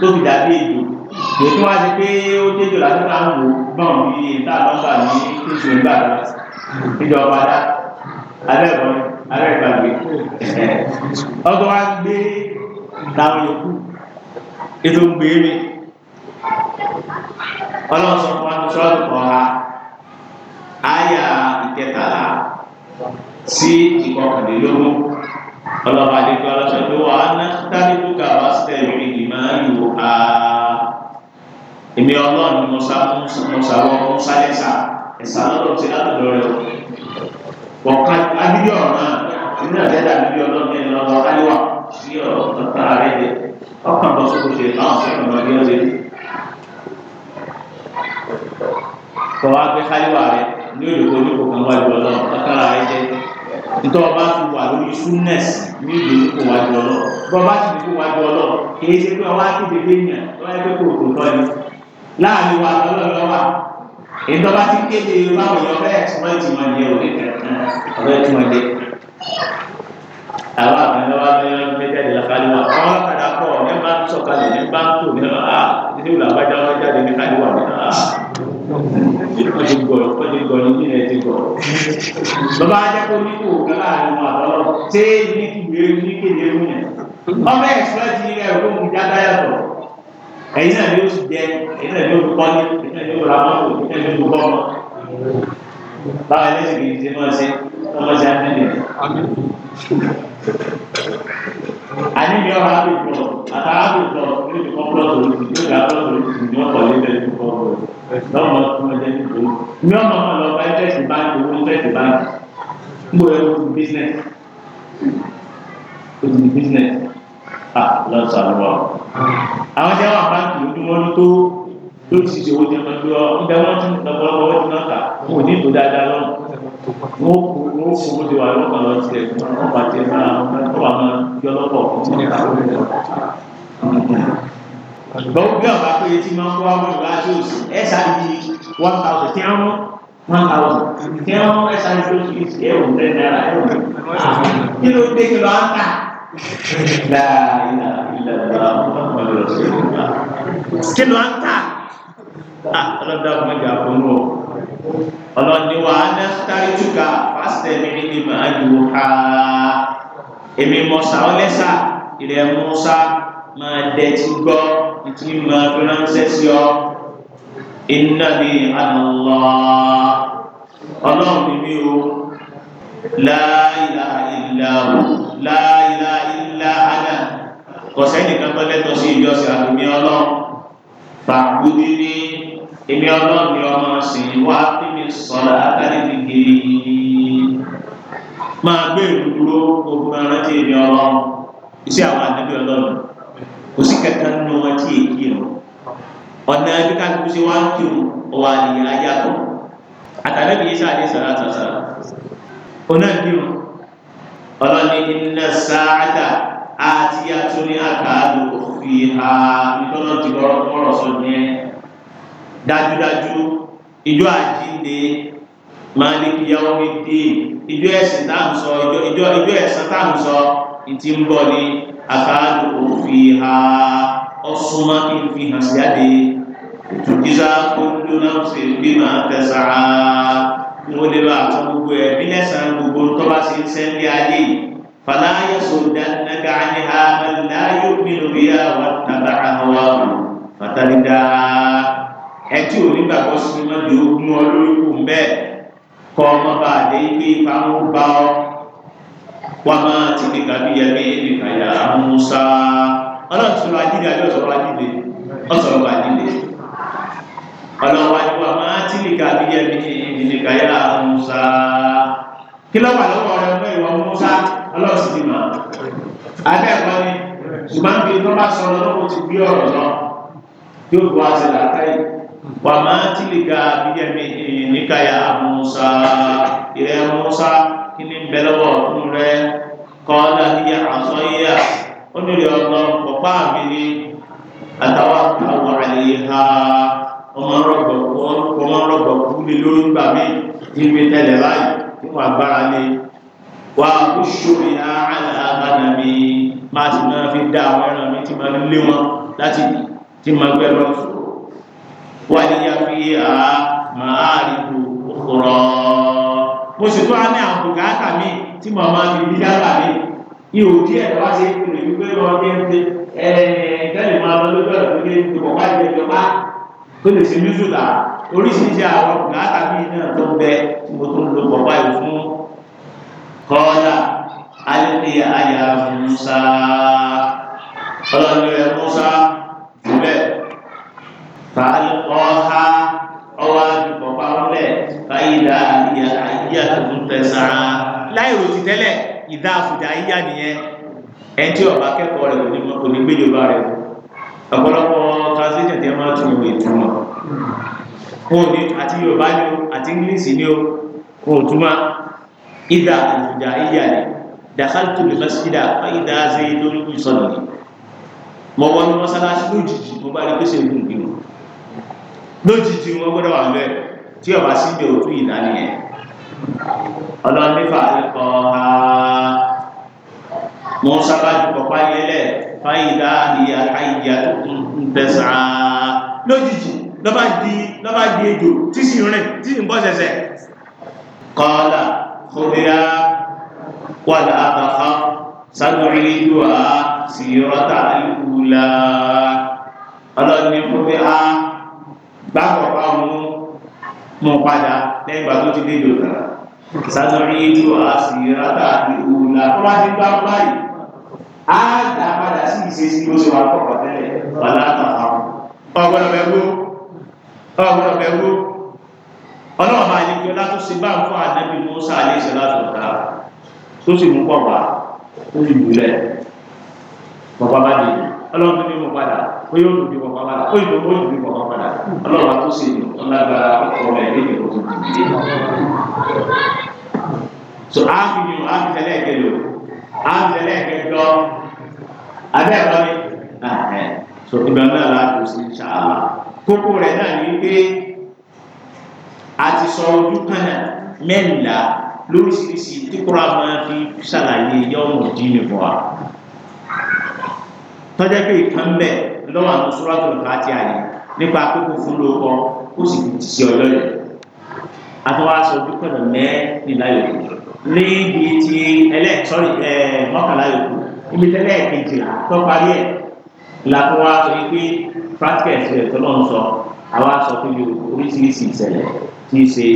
[SPEAKER 2] tó fi dàbí èdè ètò wá sí pé ó tẹ́jọ́ láti máa ń wò gbọ́n bí ìta lọ́gbà ní oṣù nígbà tó níjọ padà abẹ́ẹ̀kọ́ abẹ́ẹ̀gbàgbé ọgbọ́n wá gbé làwọn yòókù ètò gbé mi ọlọ́run sọ fún wa ní sọ́ọ̀tù kọ́ra àyà ìkẹtàlá sí ìkọkànlélógún ọlọ́run adékọ́ ọlọ́sọ̀ tó wà á ná tábìlú kàwá sílẹ̀ ìrìn ìmáyò àá èmi ọlọ́run ni mo sá mo sá wọ́n mo sá lẹ́sà ẹ̀sà lọ́dọ̀ ti látọ̀dọ̀ rẹ̀ ọ̀kan abídí ọ̀rọ̀ náà nínú àtẹ́dá abídí ọlọ́run ní ẹ̀rọ ọ̀rọ̀ aríwá sí ọ̀rọ̀ tọ́ta rẹ̀ dẹ̀ ọkàn bọ́ sókò ṣe láwọn sí ọ̀nà ọdí ọdẹ kọ́ wá gbé káríwá rẹ̀ ní òyìnbó ní kò kàn wá ju ọlọ́run tọ́ta rẹ̀ dẹ̀ nítorí ọba ti wà lórí súnẹ́sì ní ìlú kò wá ju ọlọ́run bá ti ní kò wá kì í ṣe pé ọba ti dé láàrin wa lọ́lọ́lọ́ wa ìjọba ti kéde báwọn èèyàn bẹ́ẹ̀ tí wọ́n ti wọ́n yẹ òní kankan ọ̀rẹ́ tí wọ́n dé. àwa àbẹ̀lẹ̀ wa bẹ́ẹ̀ lọ́dún méjèèjì lọ́kàlí wa ọ̀rọ̀ lọ́kàdà pọ̀ ní bá ń sọ̀kalẹ̀ ní bá ń tò ní lọ́ a ah, ní ìlú àbájá wọn jáde ní kálí wa nínú ah, a. wọ́n ti gbọ́ wọ́n ti gbọ́ nínú ilẹ̀ ti gbọ́. bàbá ajá kó ní kò kán láàrin wọn ẹ̀yin náà ni ó sì jẹ ẹ̀yin náà ni ó kọ́ ní ẹ̀yin náà ni ó ra mọ́tò ẹ̀yin náà ni ó kọ́ mọ́ báwa ní ìsìnkì ti máa ṣe ọmọ ṣe á nílẹ̀ àníbi ọ̀rọ̀ àbùkù àtàrà àbùkù ní ìdíkọ́ pọ̀lọ́tò ní ìgbà pọ̀lọ́tò ní ọkọ̀ nílẹ̀ ní ìdíkọ́ pọ̀lọ́tò lọ́mọ ọmọ ẹ̀jẹ̀ nìkó ní ọmọ ọmọ lọ bá ẹ̀jẹ̀ sí báńkì owó ẹ̀jẹ̀ sí báńkì ń bọ̀ ẹ̀rọ bísínẹ̀sì Ah, lọ́sọ̀ àlùwà o. àwọn jẹ́wọ́ àbáǹkì lójúmọ́ ló tó ló ti ṣe owó jẹun pé ọ nígbà wọn ti lọ́pọ̀lọpọ̀ wọn ti náà kà wọn ò ní ìlú dáadáa lọ́nà wọn ò kú wọn ò fún wọn ti wà lọ́kàn lọ tiẹ̀ wọn bá tiẹ̀ máa wọn bá máa yọ lọ́pọ̀ gbọ́n bí ọba pé etí máa ń kó àwọn ìlú àti òsì ẹ̀ sáà di one thousand tí wọ́n one thousand tí wọ́n ẹ̀ sáà di tó ti ẹ̀ wò lẹ́nu náírà ẹ̀ wò kí ló dé kí ló á ń tà láàrínà ìlànà ọmọdé ọ̀sẹ̀ ìgbà kí ló ń tà ọlọ́dọ̀ ọmọdé àfọ̀nù ọ̀ ọlọ́dẹ wa anásítárì túkà pásítẹ̀ mi ní màá ju ha èmi mọ̀sá ọlẹ́sà ìrẹ̀ mọ́sá máa dẹ̀tí gbọ́ ìtú máa fi ránṣẹ́ sí ọ iná ní àlọ́ ọlọ́run mi ò láìláìláwò la ilaha illa ana kọ̀sẹ́nì kan tó lẹ́tọ̀ sí ìjọsìn àbùmí ọlọ́run fàkúndí ní èmi ọlọ́run ni ọmọ sìn wá kí mi sọ̀rọ̀ àtàrí kékeré máa gbé ìdúró ogun arántí èmi ọlọ́run iṣẹ́ àwọn àdébí ọlọ́run kò sí kẹta nínú wọn tí èkì rẹ̀ ọ̀nà ẹbí káàkiri ṣe wá ń kí o ọwọ́ àdìyẹ ayé àtọ̀ àtàlẹ́bí yìí sáà ní sàrà àtàsàrà ọ̀nà ìdí wọn ọlọ́ni iná sáádà àti atúní àkáàdù òfin ha nítorí ti lọ́rọ̀ sọ ní ẹ dájúdájú ìjọ àjínde máàlìkì yàwó mi dé ìjọ ẹ̀sìn táwọn sọ ìjọ ìjọ ìjọ ẹ̀sìn táwọn sọ ìtì ń bọ̀ ní àkáàdù òfin ha ọ̀sùnmá kí n fi hàn sí àdé ìtùkísà kó ń dúná sí bí màá tẹ̀sára wọ́n lè bá àtún gbogbo ẹ̀ bí lẹ́sàn-án gbogbo tó bá ṣe ń sẹ́ ní ayé fàlà ayẹ̀sọ̀ dánága ní ha láyò nínú bí yà wà tàbá àwọn àwọn pàtàkì dáa ẹ tí ò nígbàgbọ́ sí mọ́ di ogún ọ lórí kù ń bẹ́ẹ̀ kọ́ ọmọ bá a dé ibi ìpamọ́ bá ọ wà má ti ní kàbí yẹmí nìkan yà á mú sọ̀rọ̀ ajínigbé àjọ sọ̀rọ̀ ajínigbé ọ̀sọ̀rọ̀ ajínigbé ọlọ́wọ́ àti wà máa tí lè ka bí ẹbí ìdílé kàyà Musa kí ló wà lọ́wọ́ rẹ fún ìwọ Musa ọlọ́wọ́ sì ti mọ̀ ni ṣùgbọ́n bí ló bá sọ lọ́wọ́ ti gbé ọ̀rọ̀ lọ yóò bu àṣẹ làákàyè wà máa tí lè ka bí ẹbí ìdílé kàyà Musa ìrẹ Musa kí ni bẹ lọ́wọ́ fún rẹ kọ́ńdà yíyá àṣọ yíyá ó nílò ọgbọ́n pọ̀pá mi ni àtàwọn ha ọmọ rọgbọ ọmọ rọgbọ kú mi lórí gbà mí nígbè tẹlẹ báyìí tí wọn agbára lé wa kó sómi alábàdà mi máa ti máa fi dá àwọn ẹran mi tí máa fi lé wọn láti tí máa gbẹ lọ sùn wà níyà fi hà máa rí kú kúrọ. mo sì tún á ní àwọn mi tí màá máa fi bí yàrá mi ihò díẹ̀ lọ́wọ́ ṣe é kúrò ìgbésẹ̀ wọn bí tẹ́lẹ̀ máa lọ lójú ọ̀rọ̀ tó lè ṣe yúzùlá oríṣiríṣi àwọn látàbí náà tó bẹ mo tó ń lo bàbá yìí fún kọ́lá alẹ́ àyà musa ọlọ́run rẹ̀ musa jùlẹ̀ fàálì ọ̀ha ọwọ́ àdìpọ̀ pàmọ́lẹ̀ fàyídà àyà àyà tuntun tẹ̀sán. láìrò ti tẹ́lẹ̀ ìdá àfùdá yíyá nìyẹn ẹni tí ọba akẹ́kọ̀ọ́ rẹ̀ kò ní gbé yorùbá rẹ̀ kú ọ̀pọ̀lọpọ̀ translation tí a máa tún ìwé ìtumọ̀ wọn ni àti Yorùbá ni o àti English ni o wọn ò túmọ̀ ìdá àlùjá ìyá ni dàkàtú lè má sí dà ìdá ṣe lórí ìsọ̀nà ni mo wọ́n ní mọ́sálásí lójijì mo bá rí pèsè ìlú ìgbìmọ̀ lójijì wọn gbọ́dọ̀ wà lọ́ẹ̀ tí ọba sí ìbẹ̀ òtún ìlànà yẹn ọlọ́run nífà ẹ̀kọ́ ha mọ́sálájú kọ́pá yẹlẹ̀ fàyídà ìyá àyíyá ntẹ̀sà lójijì lọ́ba di lọ́ba di ejò tí sì rìn tí sì ń bọ́ sẹ̀sẹ̀ kọ́lá kòdìyà wàlà àbàkà sanuriduwa sirota alikula ọlọ́ni fúnmi a gbàgbọ́ bá mú mú padà lẹ́yìn ìgbà tó ti dé ìdòkà sanuriduwa sirota alikula wọ́n ti gbà báyìí á dá padà sí ìṣesí tó ṣe wà kọ̀ọ̀kan tẹ́lẹ̀ wàlá àtàwọn ọgbọ́dọ̀ bẹ wó ọgbọ́dọ̀ bẹ wó ọlọ́run máa yẹ kí ọlá tó ṣe bá ń fún àdẹ́bí Mùsá alẹ́ ìṣẹ́ láti ọ̀tá tó sì mú pọ̀ wá ó sì mú lẹ̀ bàbá bá dé ọlọ́run tó ní mọ̀ padà ó yóò dùn bí bàbá padà ó yóò dùn bí bàbá padà ọlọ́run tó ṣe ọlágbára ọkọ rẹ̀ ní tó so a fi yun a fi àbẹ̀lẹ̀ kẹjọ abẹ́ẹ̀kọ́ ni so ìgbà náà láàbò sí ṣáàlà kókó rẹ̀ náà ní pé a ti sọ ojú kan náà mẹ́rìnlá lóríṣiríṣi tí kúrò máa fi ṣàlàyé yọ́mù dín fún wa tọ́jà pé ìkan bẹ̀ lọ́wọ́ àwọn sọ́rọ́tò nǹkan àti àyè nípa kókó fún lóko ó sì ti ṣe ọjọ́ yẹn léèdì ti ẹlẹ́ sọ́rí ẹ̀ mọ́kànlá yòókù ibi tẹ́lẹ̀ kejìlá tó parí ẹ̀ làtọ́ wa sọ pé practice rẹ̀ tó lọ́n sọ àwa sọ pé oríṣiríṣi ìṣẹ̀lẹ̀ tí í ṣe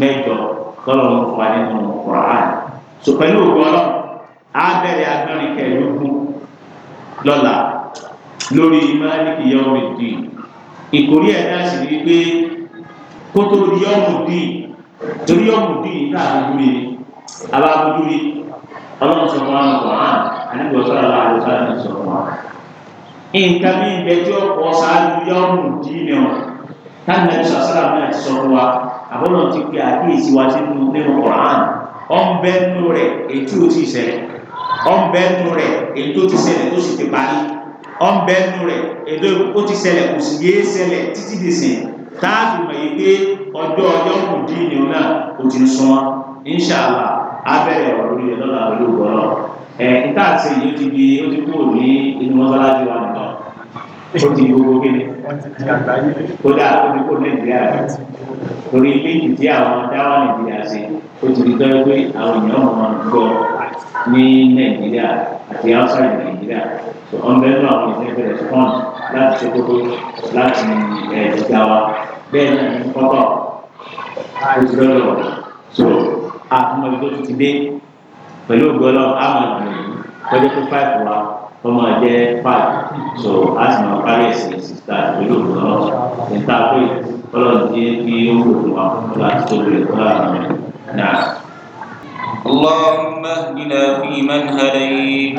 [SPEAKER 2] mẹ́jọ tọ́lọ̀ ń fún wa nínú Qur'an so pẹ̀lú ògbọ́nà á bẹ̀rẹ̀ agbọ́nrin kẹrìndínlógún lọ́la lórí máàlìkì yọ̀ọ̀mù dì ìkórè ẹ̀ náà sì rí i pé kótó yọ̀ọ̀mù dì torí yọ̀ọ̀mù dì ní àbúrò yìí abakuduri ọlọ́run sọ fún àwọn ọ̀hán àdúgbò sọ̀rọ̀ láàrin sọ̀rọ̀ sọ fún wa. nǹkan bí ń bẹ tí ó pọ̀ sáájú yọ̀ọ̀mù dínì ọ̀ táwọn ẹ̀ṣọ́ sọ̀sọ́ra náà ti sọ fún wa àbọ̀lọ̀ ti pe àkíyèsí wa sínú nínú ọ̀hán ọ̀nbẹ nù rẹ̀ ètí ò ti ṣẹlẹ̀ ọ̀nbẹ nù rẹ̀ ètò ti ṣẹlẹ̀ tó sì ti parí ọ̀nbẹ nù rẹ̀ ètò ó ti ṣẹlẹ̀ kò sì yé ṣẹlẹ̀ títí di sìn táàbù mọ̀ yìí pé ọjọ́ ọjọ́ kù dín ní ọ̀nà òtún sún wa inṣàlá abẹ́rẹ́ ọ̀rọ̀ yẹn lọ́la olóògbé ọ̀rọ̀ ẹ̀ níta àti èyí ti di ó ti kúrò ní inú mọ́sálásí wa nìkan ó ti gbogbo kéde kódà ó ti kó nàìjíríà rẹ̀ torí ilé ìdí àwọn dáwọ́ nàìjíríà ṣe ó ti di tọ́jú pé àwọn èèyàn mọ̀ ń gbọ́ ní nàìjíríà àti outside nàìjíríà tó ọ̀n bẹ́ẹ̀ lọ àwọn ìṣẹ́ bẹ̀rẹ̀ fún láti ṣe kókó láti ẹ̀ ìgbà wa bẹ́ẹ̀ náà ní kọ́kọ́ ó ti lọ́dọ̀ so àtúmọ̀ ibi tó ti ti dé pẹ̀lú ògbọ́lọ́ àmọ̀dù kọjá pé five wa ọmọ jẹ́ five so a sì máa parí ẹ̀sìn sísá pẹ̀lú ògbọ́lọ́
[SPEAKER 1] níta pé ọlọ́run ti fi owó òkú wa láti tóbi ẹ̀kọ́ láàrin náà. اللهم اهدنا فيمن هديت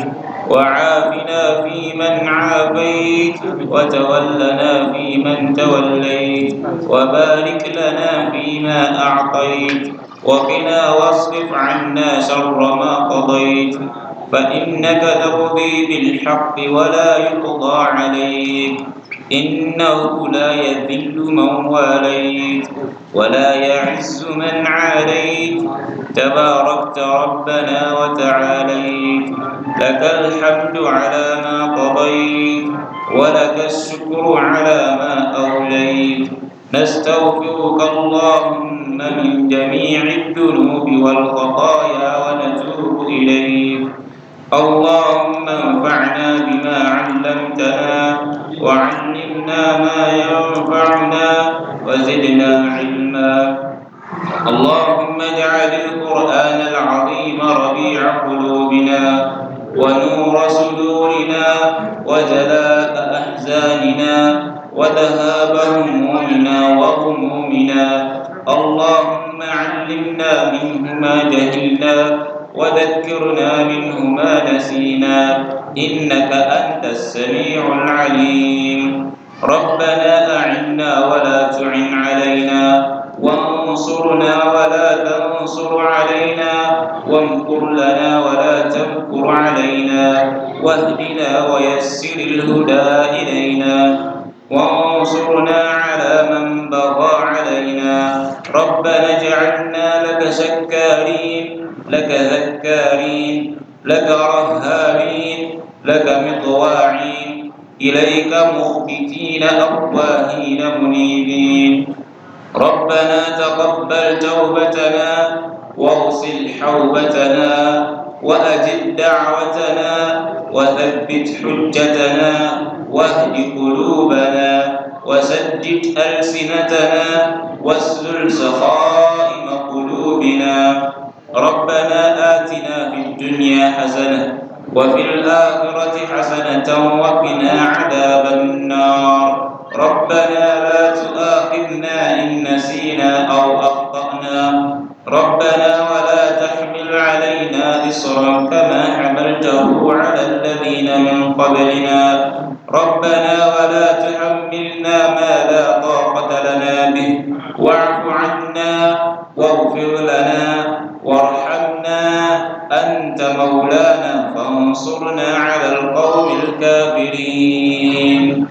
[SPEAKER 1] وعافنا فيمن عافيت وتولنا فيمن توليت وبارك لنا فيما أعطيت وقنا واصرف عنا شر ما قضيت فإنك تقضي بالحق ولا يقضى عليك إنه لا يذل من واليت ولا يعز من عاديت تباركت ربنا وتعاليت لك الحمد على ما قضيت ولك الشكر على ما أوليت نستغفرك اللهم من جميع الذنوب والخطايا ونتوب إليك اللهم انفعنا بما علمتنا وعلمنا ما ينفعنا وزدنا علما اللهم اجعل القرآن العظيم ربيع قلوبنا ونور صدورنا وجلاء أحزاننا وذهاب همومنا وغمومنا اللهم علمنا منه ما جهلنا وذكرنا منه ما نسينا إنك أنت السميع العليم ربنا أعنا ولا تعن علينا وانصرنا ولا تنصر علينا وامكر لنا ولا تمكر علينا واهدنا ويسر الهدى إلينا وانصرنا على من بغى علينا ربنا اجعلنا لك شكارين لك ذكارين لك رهابين لك مطواعين إليك مخبتين أواهين منيبين ربنا تقبل توبتنا واغسل حوبتنا وأجب دعوتنا وثبت حجتنا واهد قلوبنا وسدد ألسنتنا واسلل سخائم قلوبنا ربنا آتنا في الدنيا حسنة وفي الآخرة حسنة وقنا عذاب النار ربنا لا تؤاخذنا إن نسينا أو أخطأنا ربنا ولا تحمل علينا إصرا كما حملته على الذين من قبلنا ربنا ولا تحملنا ما لا طاقة لنا به واعف عنا واغفر لنا وارحمنا أنت مولانا فانصرنا
[SPEAKER 3] على القوم الكافرين